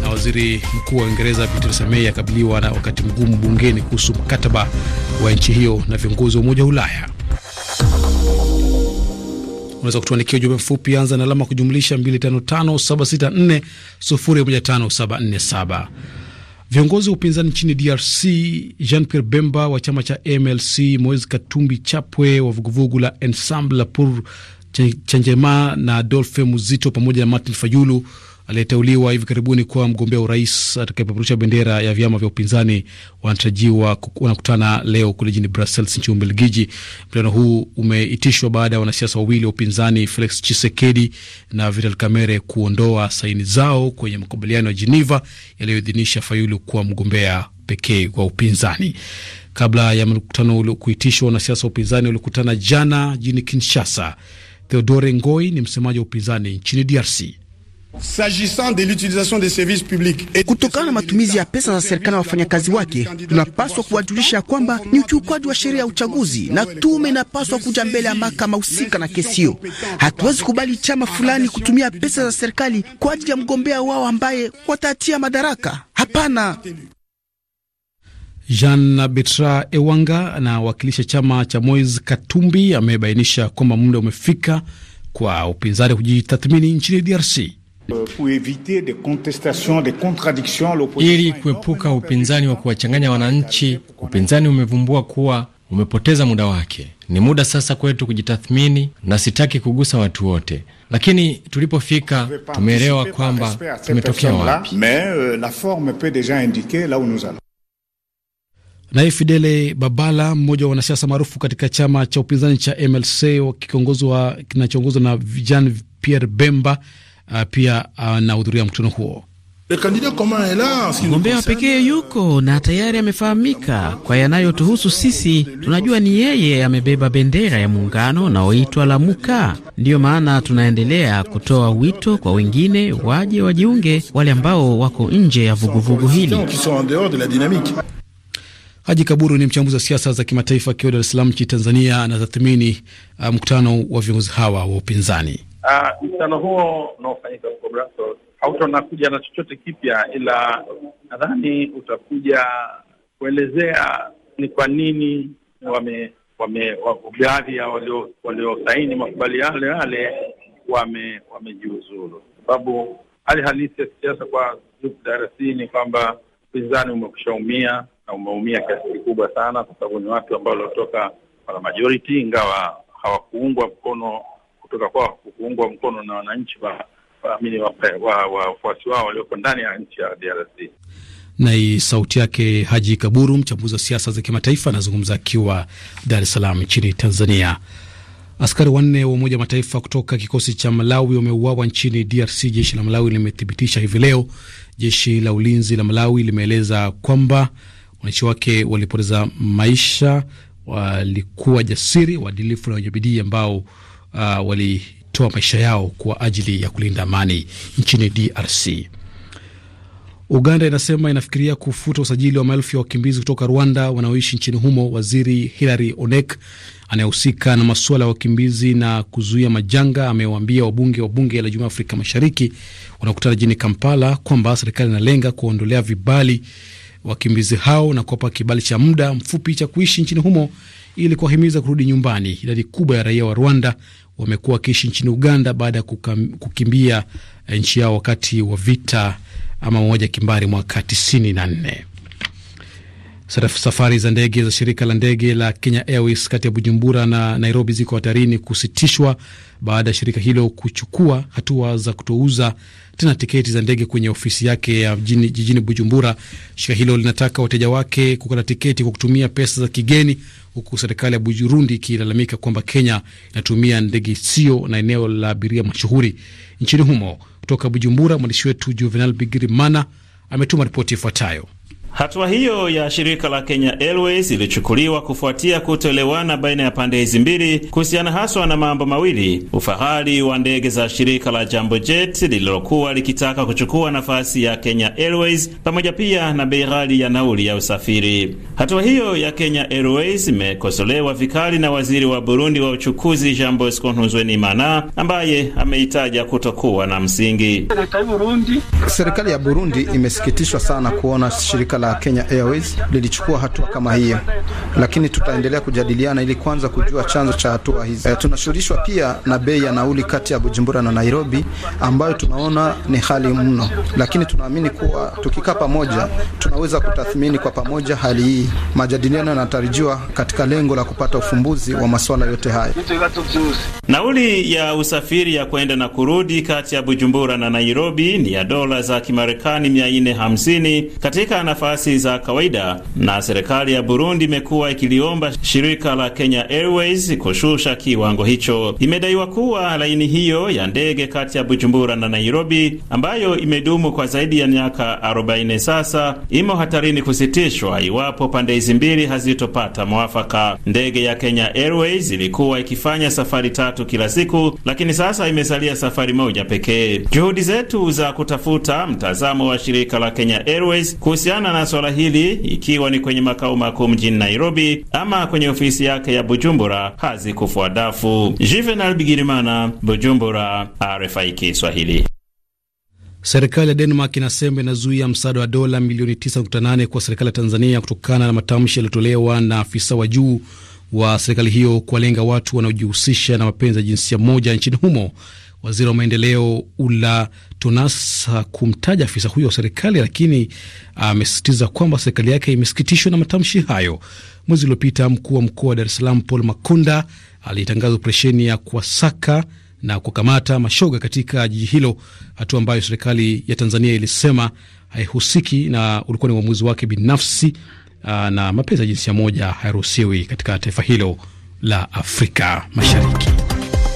na waziri mkuu wa Uingereza Bi Theresa May akabiliwa na wakati mgumu bungeni kuhusu mkataba wa nchi hiyo na viongozi wa Umoja wa Ulaya. Unaweza kutuandikia ujumbe mfupi, anza na alama kujumlisha 255 Viongozi wa upinzani nchini DRC, Jean Pierre Bemba wa chama cha MLC, Moise Katumbi Chapwe wa vuguvugu la Ensemble pour Changema na adolfe Muzito pamoja na Martin Fayulu aliyeteuliwa hivi karibuni kuwa mgombea urais atakayepeperusha bendera ya vyama vya upinzani wanatarajiwa wanakutana leo kule jini Brussels nchini Ubelgiji. Mkutano huu umeitishwa baada ya wanasiasa wawili wa upinzani Felix Chisekedi na Vital Kamerhe kuondoa saini zao kwenye makubaliano ya Jeneva yaliyoidhinisha Fayulu kuwa mgombea pekee wa upinzani. Kabla ya mkutano kuitishwa, wanasiasa wa upinzani walikutana jana jini Kinshasa. Theodore Ngoi ni msemaji wa upinzani nchini DRC. Kutokana na matumizi ya pesa za serikali na wafanyakazi wake, tunapaswa kuwajulisha kwamba ni ukiukwaji wa sheria ya uchaguzi na tume inapaswa kuja mbele ya mahakama husika na kesi hiyo. Hatuwezi kubali chama fulani kutumia pesa za serikali kwa ajili ya mgombea wao ambaye watatia madaraka. Hapana. Jean betra Ewanga anawakilisha chama cha Moise Katumbi amebainisha kwamba muda umefika kwa upinzani kujitathmini nchini DRC. Euh, Ili kuepuka upinzani wa kuwachanganya wananchi, upinzani umevumbua kuwa umepoteza muda wake. Ni muda sasa kwetu kujitathmini, na sitaki kugusa watu wote, lakini tulipofika tumeelewa kwamba tumetokea wapi. Euh, Naye Fidele Babala, mmoja wa wanasiasa maarufu katika chama cha upinzani cha MLC kinachoongozwa na Jean Pierre Bemba uh, pia ah, anahudhuria uh, mkutano huo. Mgombea pekee yuko na tayari amefahamika kwa yanayotuhusu sisi. Tunajua ni yeye amebeba bendera ya muungano unaoitwa Lamuka. Ndiyo maana tunaendelea kutoa wito kwa wengine waje wajiunge, wale ambao wako nje ya vuguvugu hili. Haji Kaburu ni mchambuzi wa siasa za kimataifa akiwa Dar es Salaam nchini Tanzania, anatathmini ah, mkutano wa viongozi hawa wa upinzani. Uh, huo unaofanyika huko Brussels hautanakuja na chochote kipya, ila nadhani utakuja kuelezea ni kwa nini wame baadhi ya waliosaini makubaliano yale wame wamejiuzulu, sababu hali halisi ya kisiasa kwa DRC ni kwamba upinzani umia na umeumia kiasi kikubwa sana, kwa sababu ni watu ambao waliotoka wana majority ingawa hawakuungwa mkono kutoka kwao kuungwa mkono na wananchi wa waamini wafuasi wao walioko ndani ya nchi ya DRC. Na sauti yake Haji Kaburu, mchambuzi wa siasa za kimataifa, anazungumza akiwa Dar es Salaam nchini Tanzania. Askari wanne wa Umoja Mataifa kutoka kikosi cha Malawi wameuawa nchini DRC, jeshi la Malawi limethibitisha hivi leo. Jeshi la ulinzi la Malawi limeeleza kwamba wananchi wake walipoteza maisha, walikuwa jasiri, waadilifu na wenye bidii ambao uh, walitoa maisha yao kwa ajili ya kulinda amani nchini DRC. Uganda inasema inafikiria kufuta usajili wa maelfu ya wakimbizi kutoka Rwanda wanaoishi nchini humo. Waziri Hilary Onek anayehusika na masuala ya wakimbizi na kuzuia majanga amewaambia wabunge wa bunge la Jumuiya Afrika Mashariki wanaokutana jijini Kampala kwamba serikali inalenga kuwaondolea vibali wakimbizi hao na kuwapa kibali cha muda mfupi cha kuishi nchini humo ili kuwahimiza kurudi nyumbani. Idadi kubwa ya raia wa Rwanda wamekuwa wakiishi nchini Uganda baada ya kukimbia eh, nchi yao wakati wa vita ama mmoja kimbari mwaka 94. Safari za ndege za shirika la ndege la Kenya Airways kati ya Bujumbura na Nairobi ziko hatarini kusitishwa baada ya shirika hilo kuchukua hatua za kutouza tena tiketi za ndege kwenye ofisi yake ya jini, jijini Bujumbura. Shirika hilo linataka wateja wake kukata tiketi kwa kutumia pesa za kigeni, huku serikali ya Burundi ikilalamika kwamba Kenya inatumia ndege isiyo na eneo la abiria mashuhuri nchini humo. Kutoka Bujumbura, mwandishi wetu Juvenal Bigirimana ametuma ripoti ifuatayo. Hatua hiyo ya shirika la Kenya Airways ilichukuliwa kufuatia kutoelewana baina ya pande hizi mbili kuhusiana haswa na mambo mawili: ufahari wa ndege za shirika la Jambo Jet lililokuwa likitaka kuchukua nafasi ya Kenya Airways pamoja pia na bei ghali ya nauli ya usafiri. Hatua hiyo ya Kenya Airways imekosolewa vikali na waziri wa Burundi wa uchukuzi Jean Bosco Ntuzwenimana ambaye ameitaja kutokuwa na msingi. Serikali ya Burundi imesikitishwa sana kuona shirika la Kenya Airways lilichukua hatua kama hiyo, lakini tutaendelea kujadiliana ili kwanza kujua chanzo cha hatua hizi. E, eh, tunashughulishwa pia na bei ya nauli kati ya Bujumbura na Nairobi ambayo tunaona ni hali mno, lakini tunaamini kuwa tukikaa pamoja tunaweza kutathmini kwa pamoja hali hii. Majadiliano yanatarajiwa katika lengo la kupata ufumbuzi wa masuala yote haya. Nauli ya usafiri ya kwenda na kurudi kati ya Bujumbura na Nairobi ni ya dola za Kimarekani 450 katika nafasi kasi za kawaida, na serikali ya Burundi imekuwa ikiliomba shirika la Kenya Airways kushusha kiwango hicho. Imedaiwa kuwa laini hiyo ya ndege kati ya Bujumbura na Nairobi, ambayo imedumu kwa zaidi ya miaka 40 sasa, imo hatarini kusitishwa iwapo pande hizi mbili hazitopata mwafaka. Ndege ya Kenya Airways ilikuwa ikifanya safari tatu kila siku, lakini sasa imesalia safari moja pekee. Juhudi zetu za kutafuta mtazamo wa shirika la Kenya Airways kuhusiana na kushughulikia swala hili, ikiwa ni kwenye makao makuu mjini Nairobi ama kwenye ofisi yake ya Bujumbura, hazikufua dafu. Juvenal Bigirimana, Bujumbura, RFI Kiswahili. Serikali ya Denmark inasema inazuia msaada wa dola milioni 9.8 kwa serikali ya Tanzania kutokana na matamshi yaliyotolewa na afisa wa juu wa serikali hiyo kuwalenga watu wanaojihusisha na mapenzi ya jinsia moja nchini humo waziri wa maendeleo Ula Tonas kumtaja afisa huyo wa serikali, lakini amesisitiza kwamba serikali yake imesikitishwa na matamshi hayo. Mwezi uliopita mkuu wa mkoa wa Dar es Salaam Paul Makonda alitangaza operesheni ya kuwasaka na kukamata mashoga katika jiji hilo, hatua ambayo serikali ya Tanzania ilisema haihusiki na ulikuwa ni uamuzi wake binafsi, na mapenzi ya jinsia moja hayaruhusiwi katika taifa hilo la Afrika Mashariki.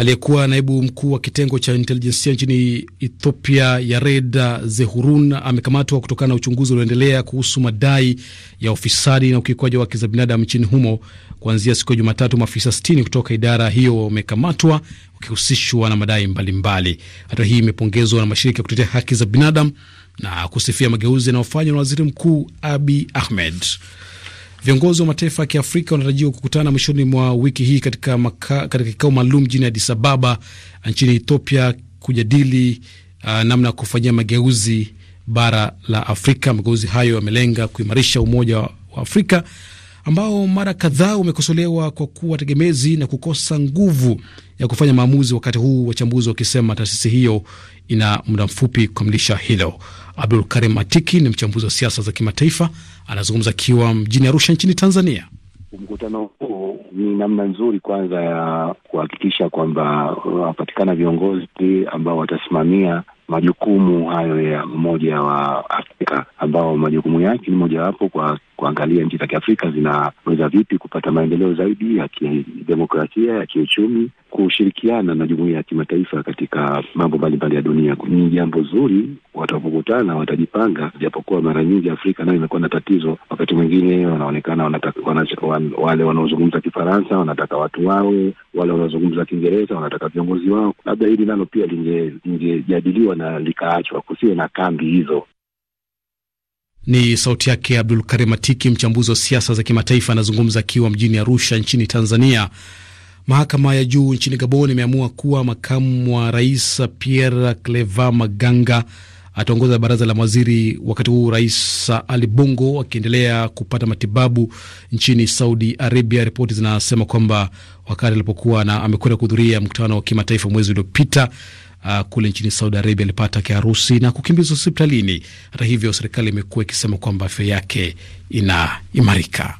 Aliyekuwa naibu mkuu wa kitengo cha intelijensia nchini Ethiopia Yared Zehurun amekamatwa kutokana na uchunguzi ulioendelea kuhusu madai ya ufisadi na ukiukwaji wa haki za binadamu nchini humo. Kuanzia siku ya Jumatatu, maafisa 60 kutoka idara hiyo wamekamatwa wakihusishwa na madai mbalimbali. Hatua hii imepongezwa na mashirika ya kutetea haki za binadamu na kusifia mageuzi yanayofanywa na waziri mkuu Abi Ahmed. Viongozi wa mataifa ya Kiafrika wanatarajiwa kukutana mwishoni mwa wiki hii katika, katika kikao maalum jini Addis Ababa nchini Ethiopia kujadili uh, namna ya kufanyia mageuzi bara la Afrika. Mageuzi hayo yamelenga kuimarisha umoja wa Afrika ambao mara kadhaa umekosolewa kwa kuwa tegemezi na kukosa nguvu ya kufanya maamuzi, wakati huu wachambuzi wakisema taasisi hiyo ina muda mfupi kukamilisha hilo. Abdul Karim Atiki ni mchambuzi wa siasa za kimataifa, anazungumza akiwa mjini Arusha nchini Tanzania. Mkutano huu ni namna nzuri kwanza ya kuhakikisha kwamba wapatikana uh, viongozi ambao watasimamia majukumu hayo ya mmoja wa Afrika ambao majukumu yake ni mojawapo kwa kuangalia nchi za Kiafrika zinaweza vipi kupata maendeleo zaidi ya kidemokrasia, ya kiuchumi, kushirikiana na jumuia ya kimataifa katika mambo mbalimbali ya dunia. Ni jambo zuri, watapokutana watajipanga, japokuwa mara nyingi Afrika nayo imekuwa na tatizo. Wakati mwingine wanaonekana wanataka, wan, wale wanaozungumza Kifaransa wanataka watu wao wale wanaozungumza Kiingereza wanataka viongozi wao. Labda hili nalo pia lingejadiliwa na likaachwa, kusiwe na kambi hizo. Ni sauti yake Abdul Karim Atiki, mchambuzi wa siasa za kimataifa, anazungumza akiwa mjini Arusha nchini Tanzania. Mahakama ya juu nchini Gabon imeamua kuwa makamu wa rais Pierre Cleva Maganga ataongoza baraza la mawaziri, wakati huu Rais Ali Bongo akiendelea kupata matibabu nchini Saudi Arabia. Ripoti zinasema kwamba wakati alipokuwa na amekwenda kuhudhuria mkutano wa kimataifa mwezi uliopita Uh, kule nchini Saudi Arabia alipata kiharusi na kukimbizwa hospitalini. Hata hivyo, serikali imekuwa ikisema kwamba afya yake inaimarika.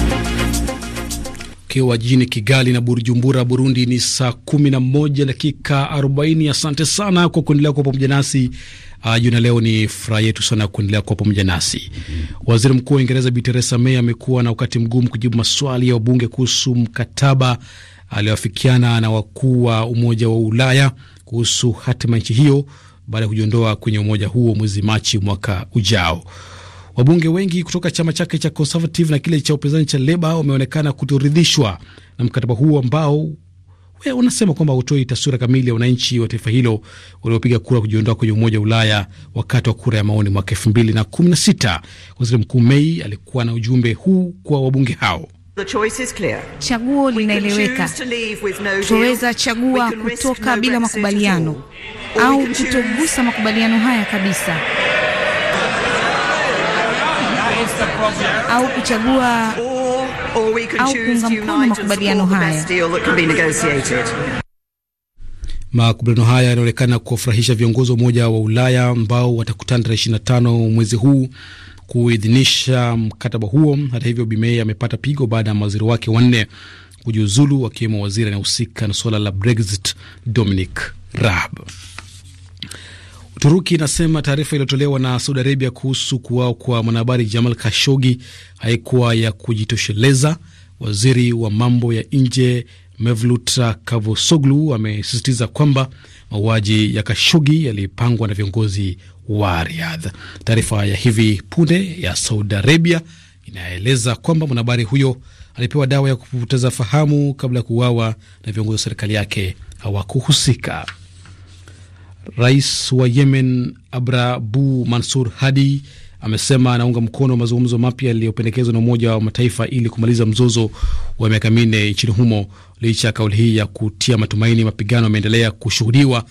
ukiwa jijini Kigali na Bujumbura, Burundi ni saa kumi na moja dakika arobaini. Asante sana kwa kuendelea kuwa pamoja nasi uh, ah, juna leo. Ni furaha yetu sana kuendelea kuwa pamoja nasi mm -hmm. Waziri Mkuu wa Uingereza Bi Theresa May amekuwa na wakati mgumu kujibu maswali ya wabunge kuhusu mkataba aliyoafikiana na wakuu wa Umoja wa Ulaya kuhusu hatima nchi hiyo baada ya kujiondoa kwenye umoja huo mwezi Machi mwaka ujao. Wabunge wengi kutoka chama chake cha Conservative na kile cha upinzani cha Leba wameonekana kutoridhishwa na mkataba huu ambao wanasema unasema kwamba hutoi taswira kamili ya wananchi wa taifa hilo waliopiga kura kujiondoa kwenye Umoja wa Ulaya wakati wa kura ya maoni mwaka elfu mbili na kumi na sita. Waziri Mkuu Mei alikuwa na ujumbe huu kwa wabunge hao. Chaguo linaeleweka. Tunaweza chagua kutoka bila makubaliano au kutogusa makubaliano haya kabisa au kuchagua au kuunga mkono makubaliano hayo. Makubaliano haya yanaonekana kuwafurahisha viongozi wa Umoja wa Ulaya ambao watakutana tarehe 25 mwezi huu kuidhinisha mkataba huo. Hata hivyo, Bimei amepata pigo baada ya mawaziri wake wanne kujiuzulu, wakiwemo waziri anayehusika na suala la Brexit Dominic Raab. Uturuki inasema taarifa iliyotolewa na Saudi Arabia kuhusu kuuawa kwa mwanahabari Jamal kashogi haikuwa ya kujitosheleza. Waziri wa mambo ya nje Mevlut Cavusoglu amesisitiza kwamba mauaji ya kashogi yalipangwa na viongozi wa Riyadh. Taarifa ya hivi punde ya Saudi Arabia inaeleza kwamba mwanahabari huyo alipewa dawa ya kupoteza fahamu kabla ya kuuawa na viongozi wa serikali yake hawakuhusika. Rais wa Yemen Abrabu Mansur Hadi amesema anaunga mkono mazungumzo mapya yaliyopendekezwa na Umoja wa Mataifa ili kumaliza mzozo wa miaka minne nchini humo. Licha ya kauli hii ya kutia matumaini, mapigano yameendelea kushuhudiwa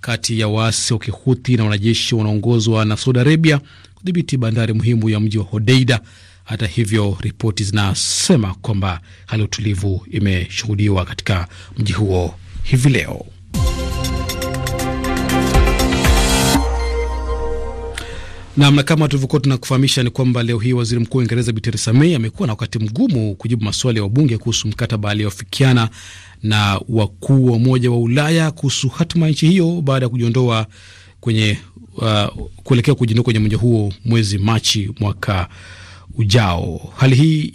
kati ya waasi wa Kihuthi na wanajeshi wanaongozwa na Saudi Arabia kudhibiti bandari muhimu ya mji wa Hodeida. Hata hivyo, ripoti zinasema kwamba hali ya utulivu imeshuhudiwa katika mji huo hivi leo. Namna kama tulivyokuwa tunakufahamisha ni kwamba leo hii waziri mkuu wa Uingereza Bi Theresa May amekuwa na wakati mgumu kujibu maswali ya wabunge kuhusu mkataba aliyofikiana na wakuu wa Umoja wa Ulaya kuhusu hatima ya nchi hiyo baada ya kujiondoa kwenye uh, kuelekea kujiondoa kwenye umoja huo mwezi Machi mwaka ujao. Hali hii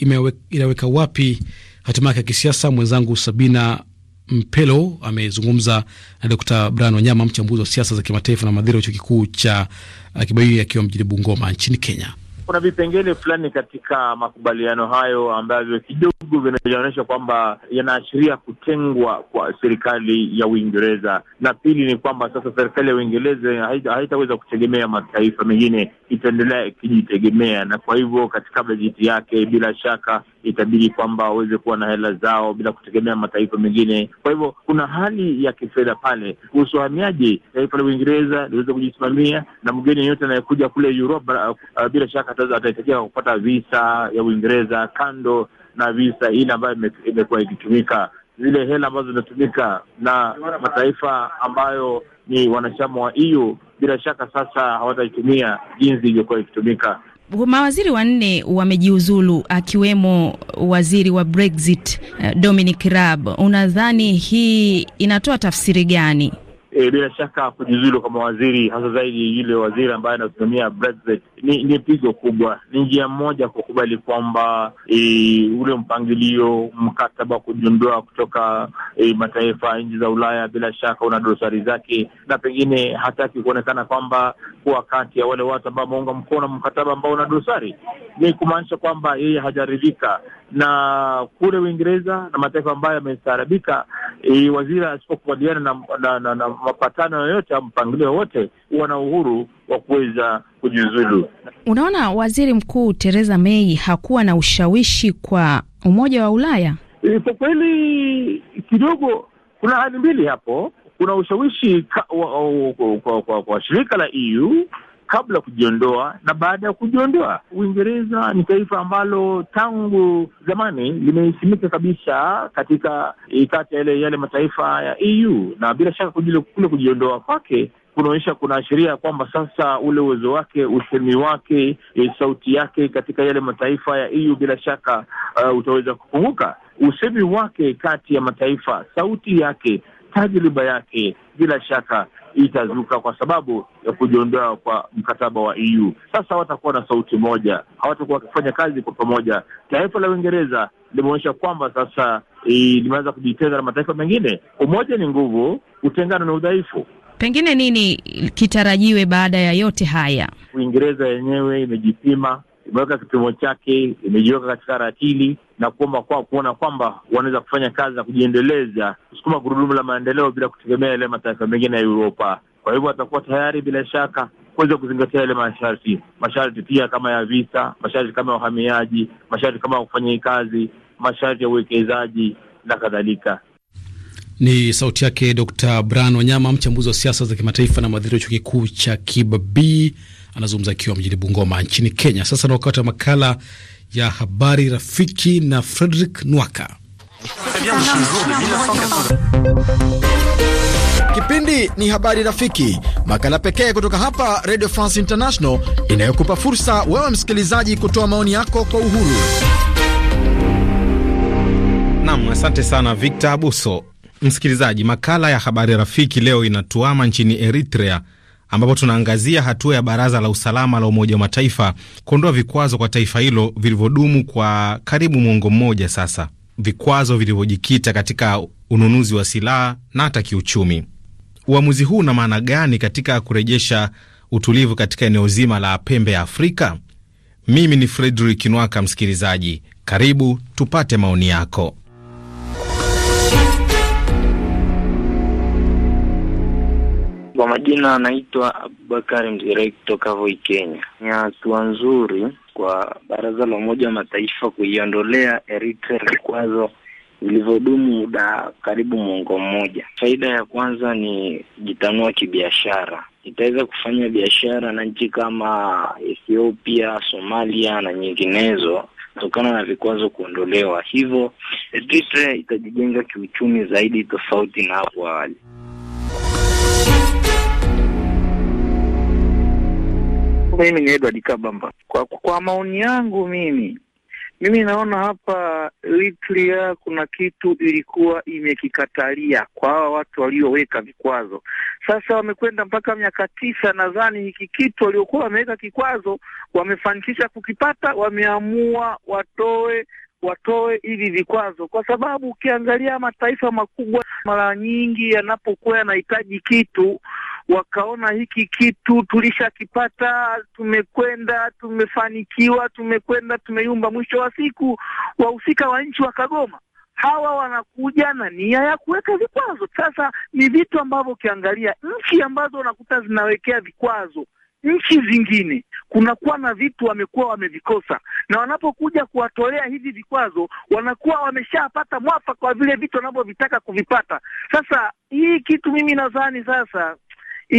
inaweka wapi hatima yake ya kisiasa? Mwenzangu Sabina Mpelo amezungumza na Dr. Brian Wanyama, mchambuzi wa siasa za kimataifa na mhadhiri wa chuo kikuu cha uh, Kibabii, akiwa mjini Bungoma nchini Kenya kuna vipengele fulani katika makubaliano hayo ambavyo kidogo vinaonyesha kwamba yanaashiria kutengwa kwa serikali ya Uingereza, na pili ni kwamba sasa serikali ya Uingereza haitaweza kutegemea mataifa mengine, itaendelea ikijitegemea, na kwa hivyo katika bajeti yake bila shaka itabidi kwamba waweze kuwa na hela zao bila kutegemea mataifa mengine. Kwa hivyo kuna hali ya kifedha pale. Kuhusu uhamiaji, taifa la Uingereza liweze kujisimamia na mgeni yeyote anayekuja kule Uropa, uh, bila shaka atahitajika kupata visa ya Uingereza kando na visa ile ambayo imekuwa ikitumika, zile hela ambazo zinatumika na mataifa ambayo ni wanachama wa EU, bila shaka sasa hawataitumia jinsi iliyokuwa ikitumika. Mawaziri wanne wamejiuzulu akiwemo waziri wa Brexit eh, Dominic Raab. Unadhani hii inatoa tafsiri gani? E, bila shaka kujiuzulu kwa mawaziri hasa zaidi yule waziri ambaye anasimamia Brexit ni, ni pigo kubwa. Ni njia moja kukubali kwamba e, ule mpangilio mkataba wa kujiondoa kutoka e, mataifa ya nchi za Ulaya bila shaka una dosari zake, na pengine hataki kuonekana kwamba kuwa kati ya wale watu ambao wameunga mkono mkataba ambao una dosari. Ni kumaanisha kwamba yeye hajaridhika na kule Uingereza na mataifa ambayo yamestaarabika. E, waziri asipokubaliana na, na, na, na mapatano yoyote au mpangilio wowote, wana uhuru wa kuweza kujiuzulu. Unaona, waziri mkuu Theresa May hakuwa na ushawishi kwa Umoja wa Ulaya. E, kwa kweli kidogo kuna hali mbili hapo. Kuna ushawishi kwa shirika la EU kabla ya kujiondoa na baada ya kujiondoa. Uingereza ni taifa ambalo tangu zamani limeisimika kabisa katika kati ya yale mataifa ya EU, na bila shaka kule kujiondoa kwake kunaonyesha kunaashiria kwamba sasa ule uwezo wake, usemi wake, e, sauti yake katika yale mataifa ya EU bila shaka uh, utaweza kupunguka Usemi wake kati ya mataifa, sauti yake, tajriba yake, bila shaka itazuka kwa sababu ya kujiondoa kwa mkataba wa EU. Sasa hawatakuwa na sauti moja, hawatakuwa wakifanya kazi kwa pamoja. Taifa la Uingereza limeonyesha kwamba sasa eh, limeweza kujitenga na mataifa mengine. Umoja ni nguvu, utengano ni udhaifu. Pengine nini kitarajiwe baada ya yote haya? Uingereza yenyewe imejipima, imeweka kipimo chake, imejiweka katika ratili na kuomba kwa kuona kwamba wanaweza kufanya kazi na kujiendeleza, kusukuma gurudumu la maendeleo bila kutegemea yale mataifa mengine ya Uropa. Kwa hivyo watakuwa tayari bila shaka kuweza kuzingatia yale masharti, masharti pia kama ya visa, masharti kama ya uhamiaji, masharti kama ya kufanya kazi, masharti ya uwekezaji na kadhalika. Ni sauti yake Dr bran Wanyama, mchambuzi wa siasa za kimataifa na mhadhiri wa chuo kikuu cha Kibabii, anazungumza akiwa mjini Bungoma nchini Kenya. Sasa na wakati wa makala ya habari rafiki na Fredrick Nwaka. Kipindi ni habari rafiki, makala pekee kutoka hapa Radio France International inayokupa fursa wewe msikilizaji kutoa maoni yako kwa uhuru. Nam, asante sana Victor Abuso. Msikilizaji, makala ya habari rafiki leo inatuama nchini Eritrea ambapo tunaangazia hatua ya Baraza la Usalama la Umoja wa Mataifa kuondoa vikwazo kwa taifa hilo vilivyodumu kwa karibu mwongo mmoja sasa, vikwazo vilivyojikita katika ununuzi wa silaha na hata kiuchumi. Uamuzi huu una maana gani katika kurejesha utulivu katika eneo zima la pembe ya Afrika? Mimi ni Fredrik Nwaka. Msikilizaji, karibu tupate maoni yako. Kwa majina anaitwa Abubakari Mzirai kutoka Voi, Kenya. Ni hatua nzuri kwa Baraza la Umoja wa Mataifa kuiondolea Eritrea vikwazo vilivyodumu muda karibu mwongo mmoja. Faida ya kwanza ni kujitanua kibiashara, itaweza kufanya biashara na nchi kama Ethiopia, Somalia na nyinginezo kutokana na vikwazo kuondolewa. Hivyo Eritrea itajijenga kiuchumi zaidi, tofauti na hapo awali. Mimi ni Edward Kabamba. Kwa, kwa maoni yangu mimi mimi naona hapa Eritrea kuna kitu ilikuwa imekikatalia kwa hawa watu walioweka vikwazo. Sasa wamekwenda mpaka miaka tisa, nadhani hiki kitu waliokuwa wameweka kikwazo wamefanikisha kukipata, wameamua watoe watoe hivi vikwazo, kwa sababu ukiangalia mataifa makubwa mara nyingi yanapokuwa yanahitaji kitu wakaona hiki kitu tulishakipata, tumekwenda, tumefanikiwa, tumekwenda, tumeyumba. Mwisho wa siku wahusika wa nchi wakagoma. Hawa wanakuja na nia ya kuweka vikwazo. Sasa ni vitu ambavyo ukiangalia nchi ambazo unakuta zinawekea vikwazo nchi zingine kunakuwa na vitu wamekuwa wamevikosa, na wanapokuja kuwatolea hivi vikwazo wanakuwa wameshapata mwafaka wa vile vitu wanavyovitaka kuvipata. Sasa hii kitu mimi nadhani sasa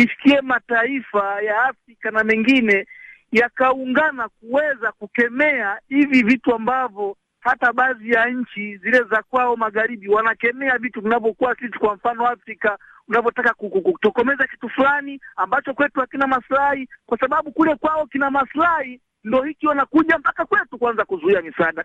ifikie mataifa ya Afrika na mengine yakaungana kuweza kukemea hivi vitu ambavyo hata baadhi ya nchi zile za kwao magharibi wanakemea vitu vinavyokuwa sisi, kwa mfano Afrika, unavyotaka kutokomeza kitu fulani ambacho kwetu hakina maslahi, kwa sababu kule kwao kina maslahi, ndo hiki wanakuja mpaka kwetu kwanza kuzuia misaada.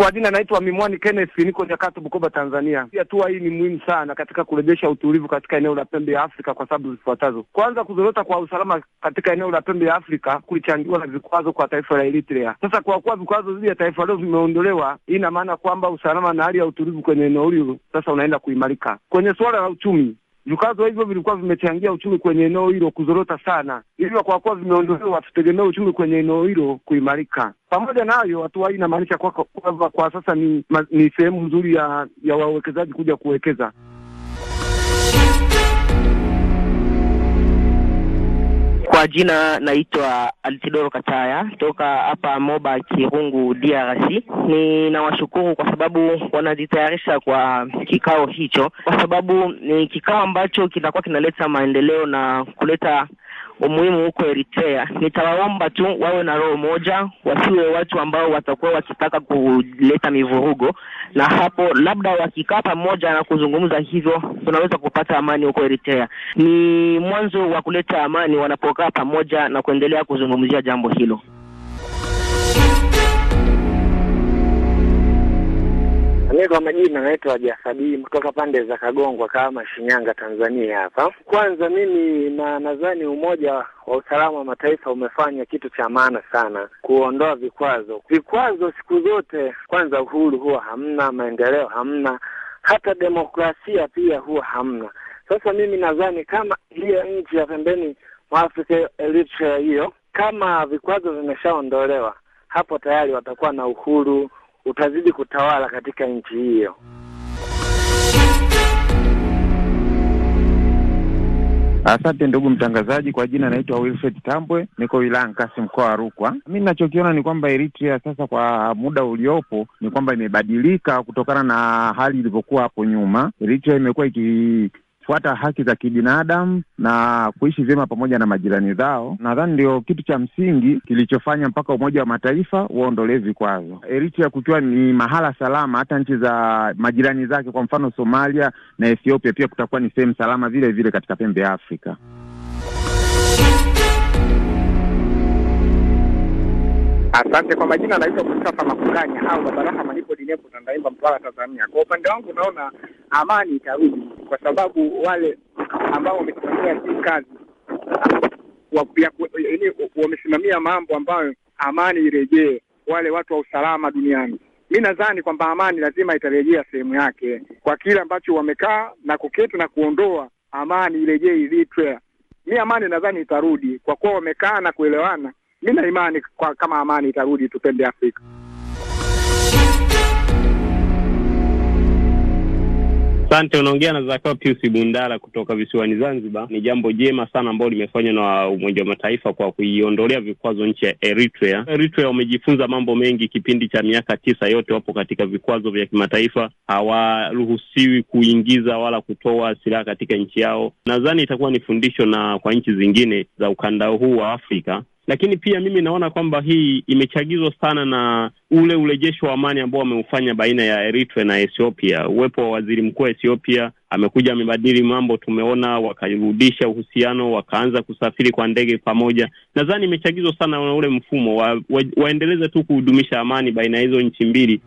Kwa jina naitwa Mimwani Kenneth, niko Nyakato, Bukoba, Tanzania. Hatua hii ni muhimu sana katika kurejesha utulivu katika eneo la pembe ya Afrika kwa sababu zifuatazo. Kwanza, kuzorota kwa usalama katika eneo la pembe ya Afrika kulichangiwa na vikwazo kwa taifa la Eritrea. Sasa kwa kuwa vikwazo dhidi ya taifa hilo vimeondolewa, hii ina maana kwamba usalama na hali ya utulivu kwenye eneo hilo sasa unaenda kuimarika. Kwenye suala la uchumi Vikwazo hivyo vilikuwa vimechangia uchumi kwenye eneo hilo kuzorota sana, hivyo kwa kuwa vimeondolewa, tutegemea uchumi kwenye eneo hilo kuimarika. Pamoja na hayo, hatua hii inamaanisha kwamba kwa, kwa, kwa sasa ni, ni sehemu nzuri ya, ya wawekezaji kuja kuwekeza. Kwa jina naitwa Altidoro Kataya toka hapa Moba Kirungu, DRC. Ninawashukuru kwa sababu wanajitayarisha kwa kikao hicho, kwa sababu ni kikao ambacho kitakuwa kinaleta maendeleo na kuleta umuhimu huko Eritrea. Nitawaomba tu wawe na roho moja, wasiwe watu ambao watakuwa wakitaka kuleta mivurugo, na hapo labda wakikaa pamoja na kuzungumza hivyo, tunaweza kupata amani huko Eritrea. Ni mwanzo wa kuleta amani wanapokaa pamoja na kuendelea kuzungumzia jambo hilo. Mi kwa majina naitwa Jasabii kutoka pande za Kagongwa kama Shinyanga, Tanzania. Hapa kwanza, mimi na nadhani Umoja wa Usalama wa Mataifa umefanya kitu cha maana sana kuondoa vikwazo. Vikwazo siku zote, kwanza uhuru huwa hamna, maendeleo hamna, hata demokrasia pia huwa hamna. Sasa mimi nadhani kama hiyo nchi ya pembeni mwa Afrika Eritrea hiyo, kama vikwazo vimeshaondolewa hapo tayari watakuwa na uhuru utazidi kutawala katika nchi hiyo. Asante ndugu mtangazaji, kwa jina naitwa Wilfred Tambwe, niko wilaya Nkasi, mkoa wa Rukwa. Mi ninachokiona ni kwamba Eritrea sasa kwa muda uliopo ni kwamba imebadilika kutokana na hali ilivyokuwa hapo nyuma. Eritrea imekuwa iki kufuata haki za kibinadamu na kuishi vyema pamoja na majirani zao. Nadhani ndio kitu cha msingi kilichofanya mpaka Umoja wa Mataifa waondolee vikwazo Eritrea, kukiwa ni mahala salama, hata nchi za majirani zake, kwa mfano Somalia na Ethiopia, pia kutakuwa ni sehemu salama vile vile katika pembe ya Afrika. Asante kwa majina, naitwa Mustafa Makunganya au Babaraha Manipo Dinepo Tandaimba, Mtwara, Tanzania. Kwa upande wangu, naona amani itarudi kwa sababu wale ambao wamesimamia hii kazi wamesimamia mambo ambayo amani irejee, wale watu wa usalama duniani. Mi nadhani kwamba amani lazima itarejea sehemu yake kwa kile ambacho wamekaa na kuketi na kuondoa amani irejee ilitwe. Mi amani nadhani itarudi kwa kuwa wamekaa na kuelewana nina imani kwa kama amani itarudi, tupende Afrika. Asante. Unaongea na Zakao Pius Bundala kutoka visiwani Zanzibar. Ni jambo jema sana ambalo limefanywa na Umoja wa Mataifa kwa kuiondolea vikwazo nchi ya Eritrea. Eritrea wamejifunza mambo mengi kipindi cha miaka tisa yote wapo katika vikwazo vya kimataifa, hawaruhusiwi kuingiza wala kutoa silaha katika nchi yao. Nadhani itakuwa ni fundisho na kwa nchi zingine za ukanda huu wa Afrika lakini pia mimi naona kwamba hii imechagizwa sana na ule urejesho wa amani ambao wameufanya baina ya Eritrea na Ethiopia. Uwepo wa waziri mkuu wa Ethiopia amekuja amebadili mambo, tumeona wakarudisha uhusiano, wakaanza kusafiri kwa ndege pamoja. Nadhani imechagizwa sana na ule mfumo wa, wa, waendeleze tu kuhudumisha amani baina ya hizo nchi mbili.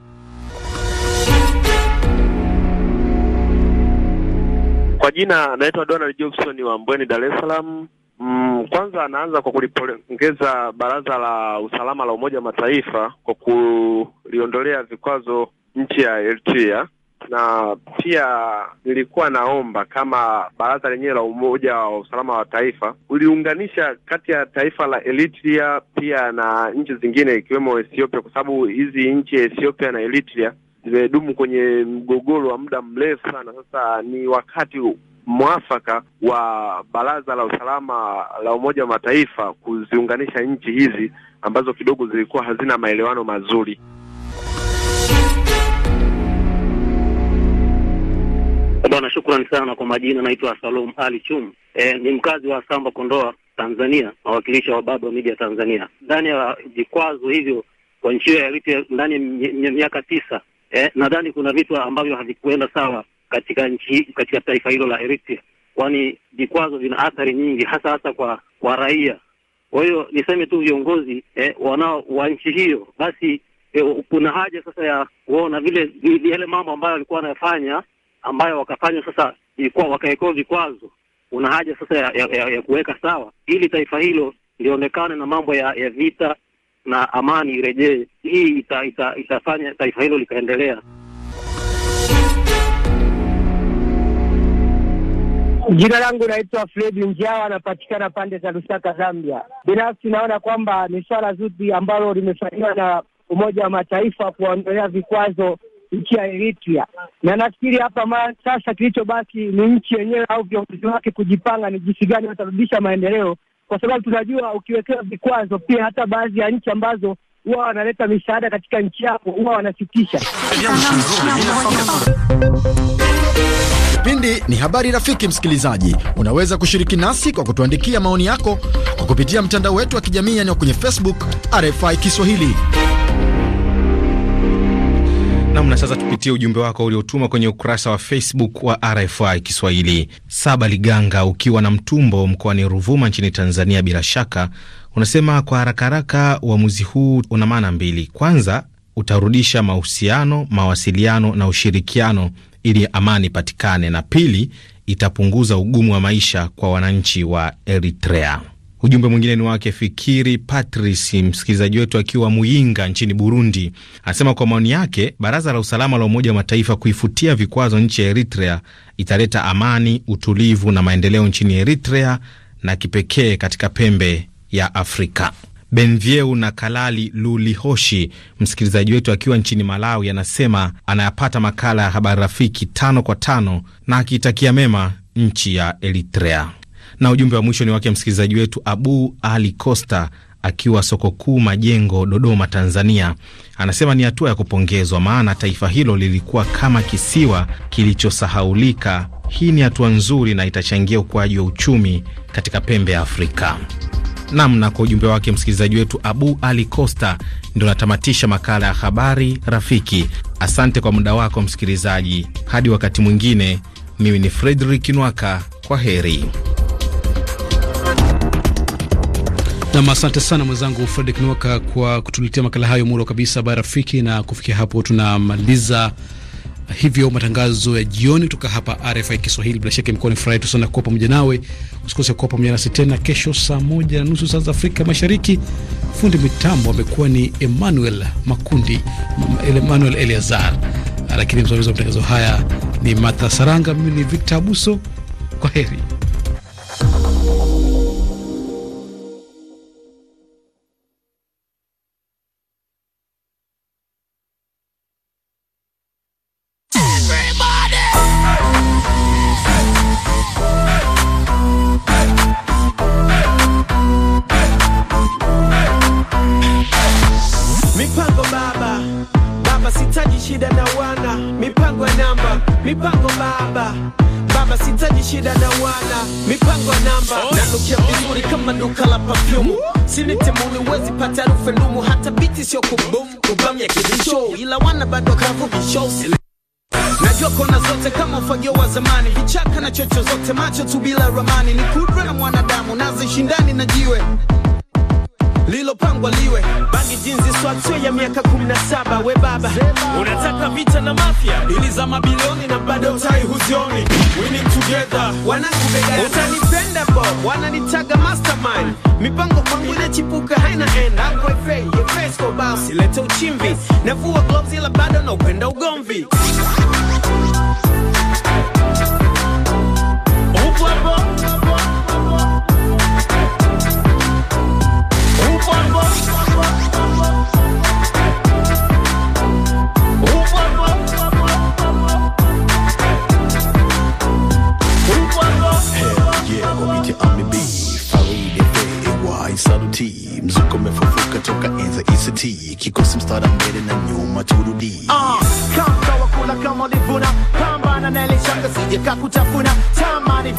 Kwa jina naitwa Donald Jobson wa Mbweni, Dar es Salaam. Mm, kwanza anaanza kwa kulipongeza Baraza la Usalama la Umoja wa Mataifa kwa kuliondolea vikwazo nchi ya Eritrea na pia nilikuwa naomba kama baraza lenyewe la Umoja wa Usalama wa Taifa uliunganisha kati ya taifa la Eritrea pia na nchi zingine ikiwemo Ethiopia, kwa sababu hizi nchi ya Ethiopia na Eritrea zimedumu kwenye mgogoro wa muda mrefu sana. Sasa ni wakati mwafaka wa Baraza la Usalama la Umoja wa Mataifa kuziunganisha nchi hizi ambazo kidogo zilikuwa hazina maelewano mazuri. Bwana, shukrani sana kwa majina, naitwa Salum Ali Chum. E, ni mkazi wa Samba, Kondoa, Tanzania, mawakilishi wa baba wa media Tanzania ndani ya vikwazo hivyo kwa nchi hiyo ya ndani ya miaka tisa. E, nadhani kuna vitu ambavyo havikuenda sawa katika nchi katika taifa hilo la Eritrea, kwani vikwazo vina athari nyingi, hasa hasa kwa kwa raia. Kwa hiyo niseme tu viongozi eh, wanao wa nchi hiyo basi eh, kuna haja sasa ya kuona vile yale mambo ambayo walikuwa wanayafanya ambayo wakafanya sasa ilikuwa wakawekewa vikwazo. Kuna haja sasa ya, ya, ya, ya kuweka sawa ili taifa hilo lionekane na mambo ya, ya vita na amani irejee. Hii ita, ita, itafanya taifa hilo likaendelea. Jina langu naitwa Fred Njawa, anapatikana pande za Lusaka, Zambia. Binafsi naona kwamba ni swala zuri ambalo limefanyiwa na Umoja wa Mataifa kuwaondolea vikwazo nchi ya Eritrea, na nafikiri hapa ma sasa kilichobaki ni nchi yenyewe au viongozi wake kujipanga ni jinsi gani watarudisha maendeleo, kwa sababu tunajua ukiwekewa vikwazo pia hata baadhi ya nchi ambazo huwa wanaleta misaada katika nchi yako huwa wanasitisha Kipindi ni habari rafiki. Msikilizaji, unaweza kushiriki nasi kwa kutuandikia maoni yako kwa kupitia mtandao wetu wa kijamii yani kwenye Facebook RFI Kiswahili. Namna sasa, tupitie ujumbe wako uliotuma kwenye ukurasa wa Facebook wa RFI Kiswahili. Saba Liganga, ukiwa na Mtumbo mkoani Ruvuma nchini Tanzania, bila shaka unasema kwa haraka haraka, uamuzi huu una maana mbili. Kwanza, utarudisha mahusiano, mawasiliano na ushirikiano ili amani ipatikane, na pili, itapunguza ugumu wa maisha kwa wananchi wa Eritrea. Ujumbe mwingine ni wake Fikiri Patrice, msikilizaji wetu akiwa Muyinga nchini Burundi, anasema kwa maoni yake, baraza la usalama la Umoja wa Mataifa kuifutia vikwazo nchi ya Eritrea italeta amani, utulivu na maendeleo nchini Eritrea na kipekee katika pembe ya Afrika. Benvieu na Kalali Lulihoshi, msikilizaji wetu akiwa nchini Malawi, anasema anayapata makala ya habari rafiki tano kwa tano na akiitakia mema nchi ya Eritrea. Na ujumbe wa mwisho ni wake msikilizaji wetu Abu Ali Costa akiwa soko kuu Majengo, Dodoma, Tanzania, anasema ni hatua ya kupongezwa, maana taifa hilo lilikuwa kama kisiwa kilichosahaulika. Hii ni hatua nzuri na itachangia ukuaji wa uchumi katika pembe ya Afrika namna. Kwa ujumbe wake msikilizaji wetu Abu Ali Costa, ndio natamatisha makala ya habari rafiki. Asante kwa muda wako msikilizaji, hadi wakati mwingine. Mimi ni Fredrik Nwaka, kwa heri. Nam, asante sana mwenzangu Fredrik Nwaka kwa kutuletea makala hayo muro kabisa, habari rafiki. Na kufikia hapo tunamaliza hivyo matangazo ya jioni kutoka hapa RFI Kiswahili, bila shaka imekuwa ni furaha yetu sana kuwa pamoja nawe. Usikose kuwa pamoja nasi tena kesho saa moja na nusu saa za Afrika Mashariki. Fundi mitambo amekuwa ni Emmanuel Makundi, Emmanuel Eleazar, lakini msimamizi wa matangazo haya ni Martha Saranga. Mimi ni Victor Abuso, kwa heri. macho tu bila ramani, ni kudra na mwanadamu, nazishindani na jiwe lilopangwa liwe bangi jinzi swatwe ya miaka saba. we baba unataka vita na mafia ili za mabilioni na bado utai huzioni winning together wanakubega utanipenda bo wananitaga mastermind mipango kwangu inachipuka haina end hapo ife sko bao, lete uchimbi navua gloves ila bado na upenda ugomvi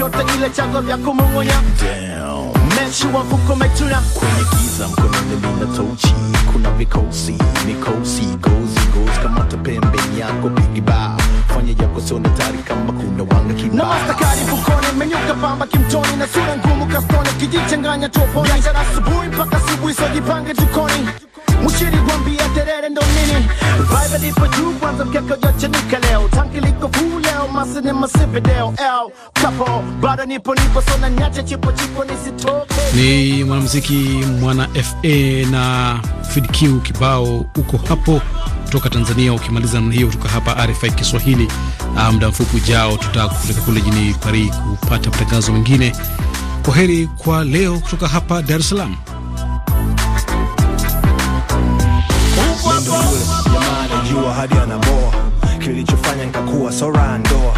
yote ile chanzo vya kumung'unya meshua kukumechuna kwenye giza mkononi mina tochi kuna vikosi mikosi gozi gozi kamata pembeni yako pigiba fanya yako sone tari kama kuna wanga kiba na mastakari fukoni menyuka pamba kimtoni na sura ngumu kastoni kijichanganya topo ya jana asubuhi mpaka asubuhi sojipange jukoni mushiri mushirigwambia terere ndo nini vibe lipo juu kwanza mkeko yote leo tanki liko fuu leo masi ni masivideo l kapo bada nipo nipo sona nyache chipo chipo nisitoke ni mwanamuziki mwana fa na fidq kibao uko hapo kutoka Tanzania. Ukimaliza namna hiyo kutoka hapa RFI Kiswahili, ah, muda um, mfupi ujao tutakupeleka kule jini Paris kupata matangazo mengine. Kwa heri kwa leo kutoka hapa Dar es Salaam. hadi anaboa kilichofanya nikakuwa sora ndoa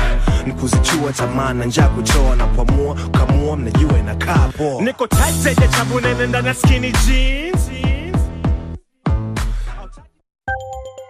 ni kuzichua tamaa na kuchoa na pwamua kamua mnajua inakaa poa niko tight ya chabu nene skinny jeans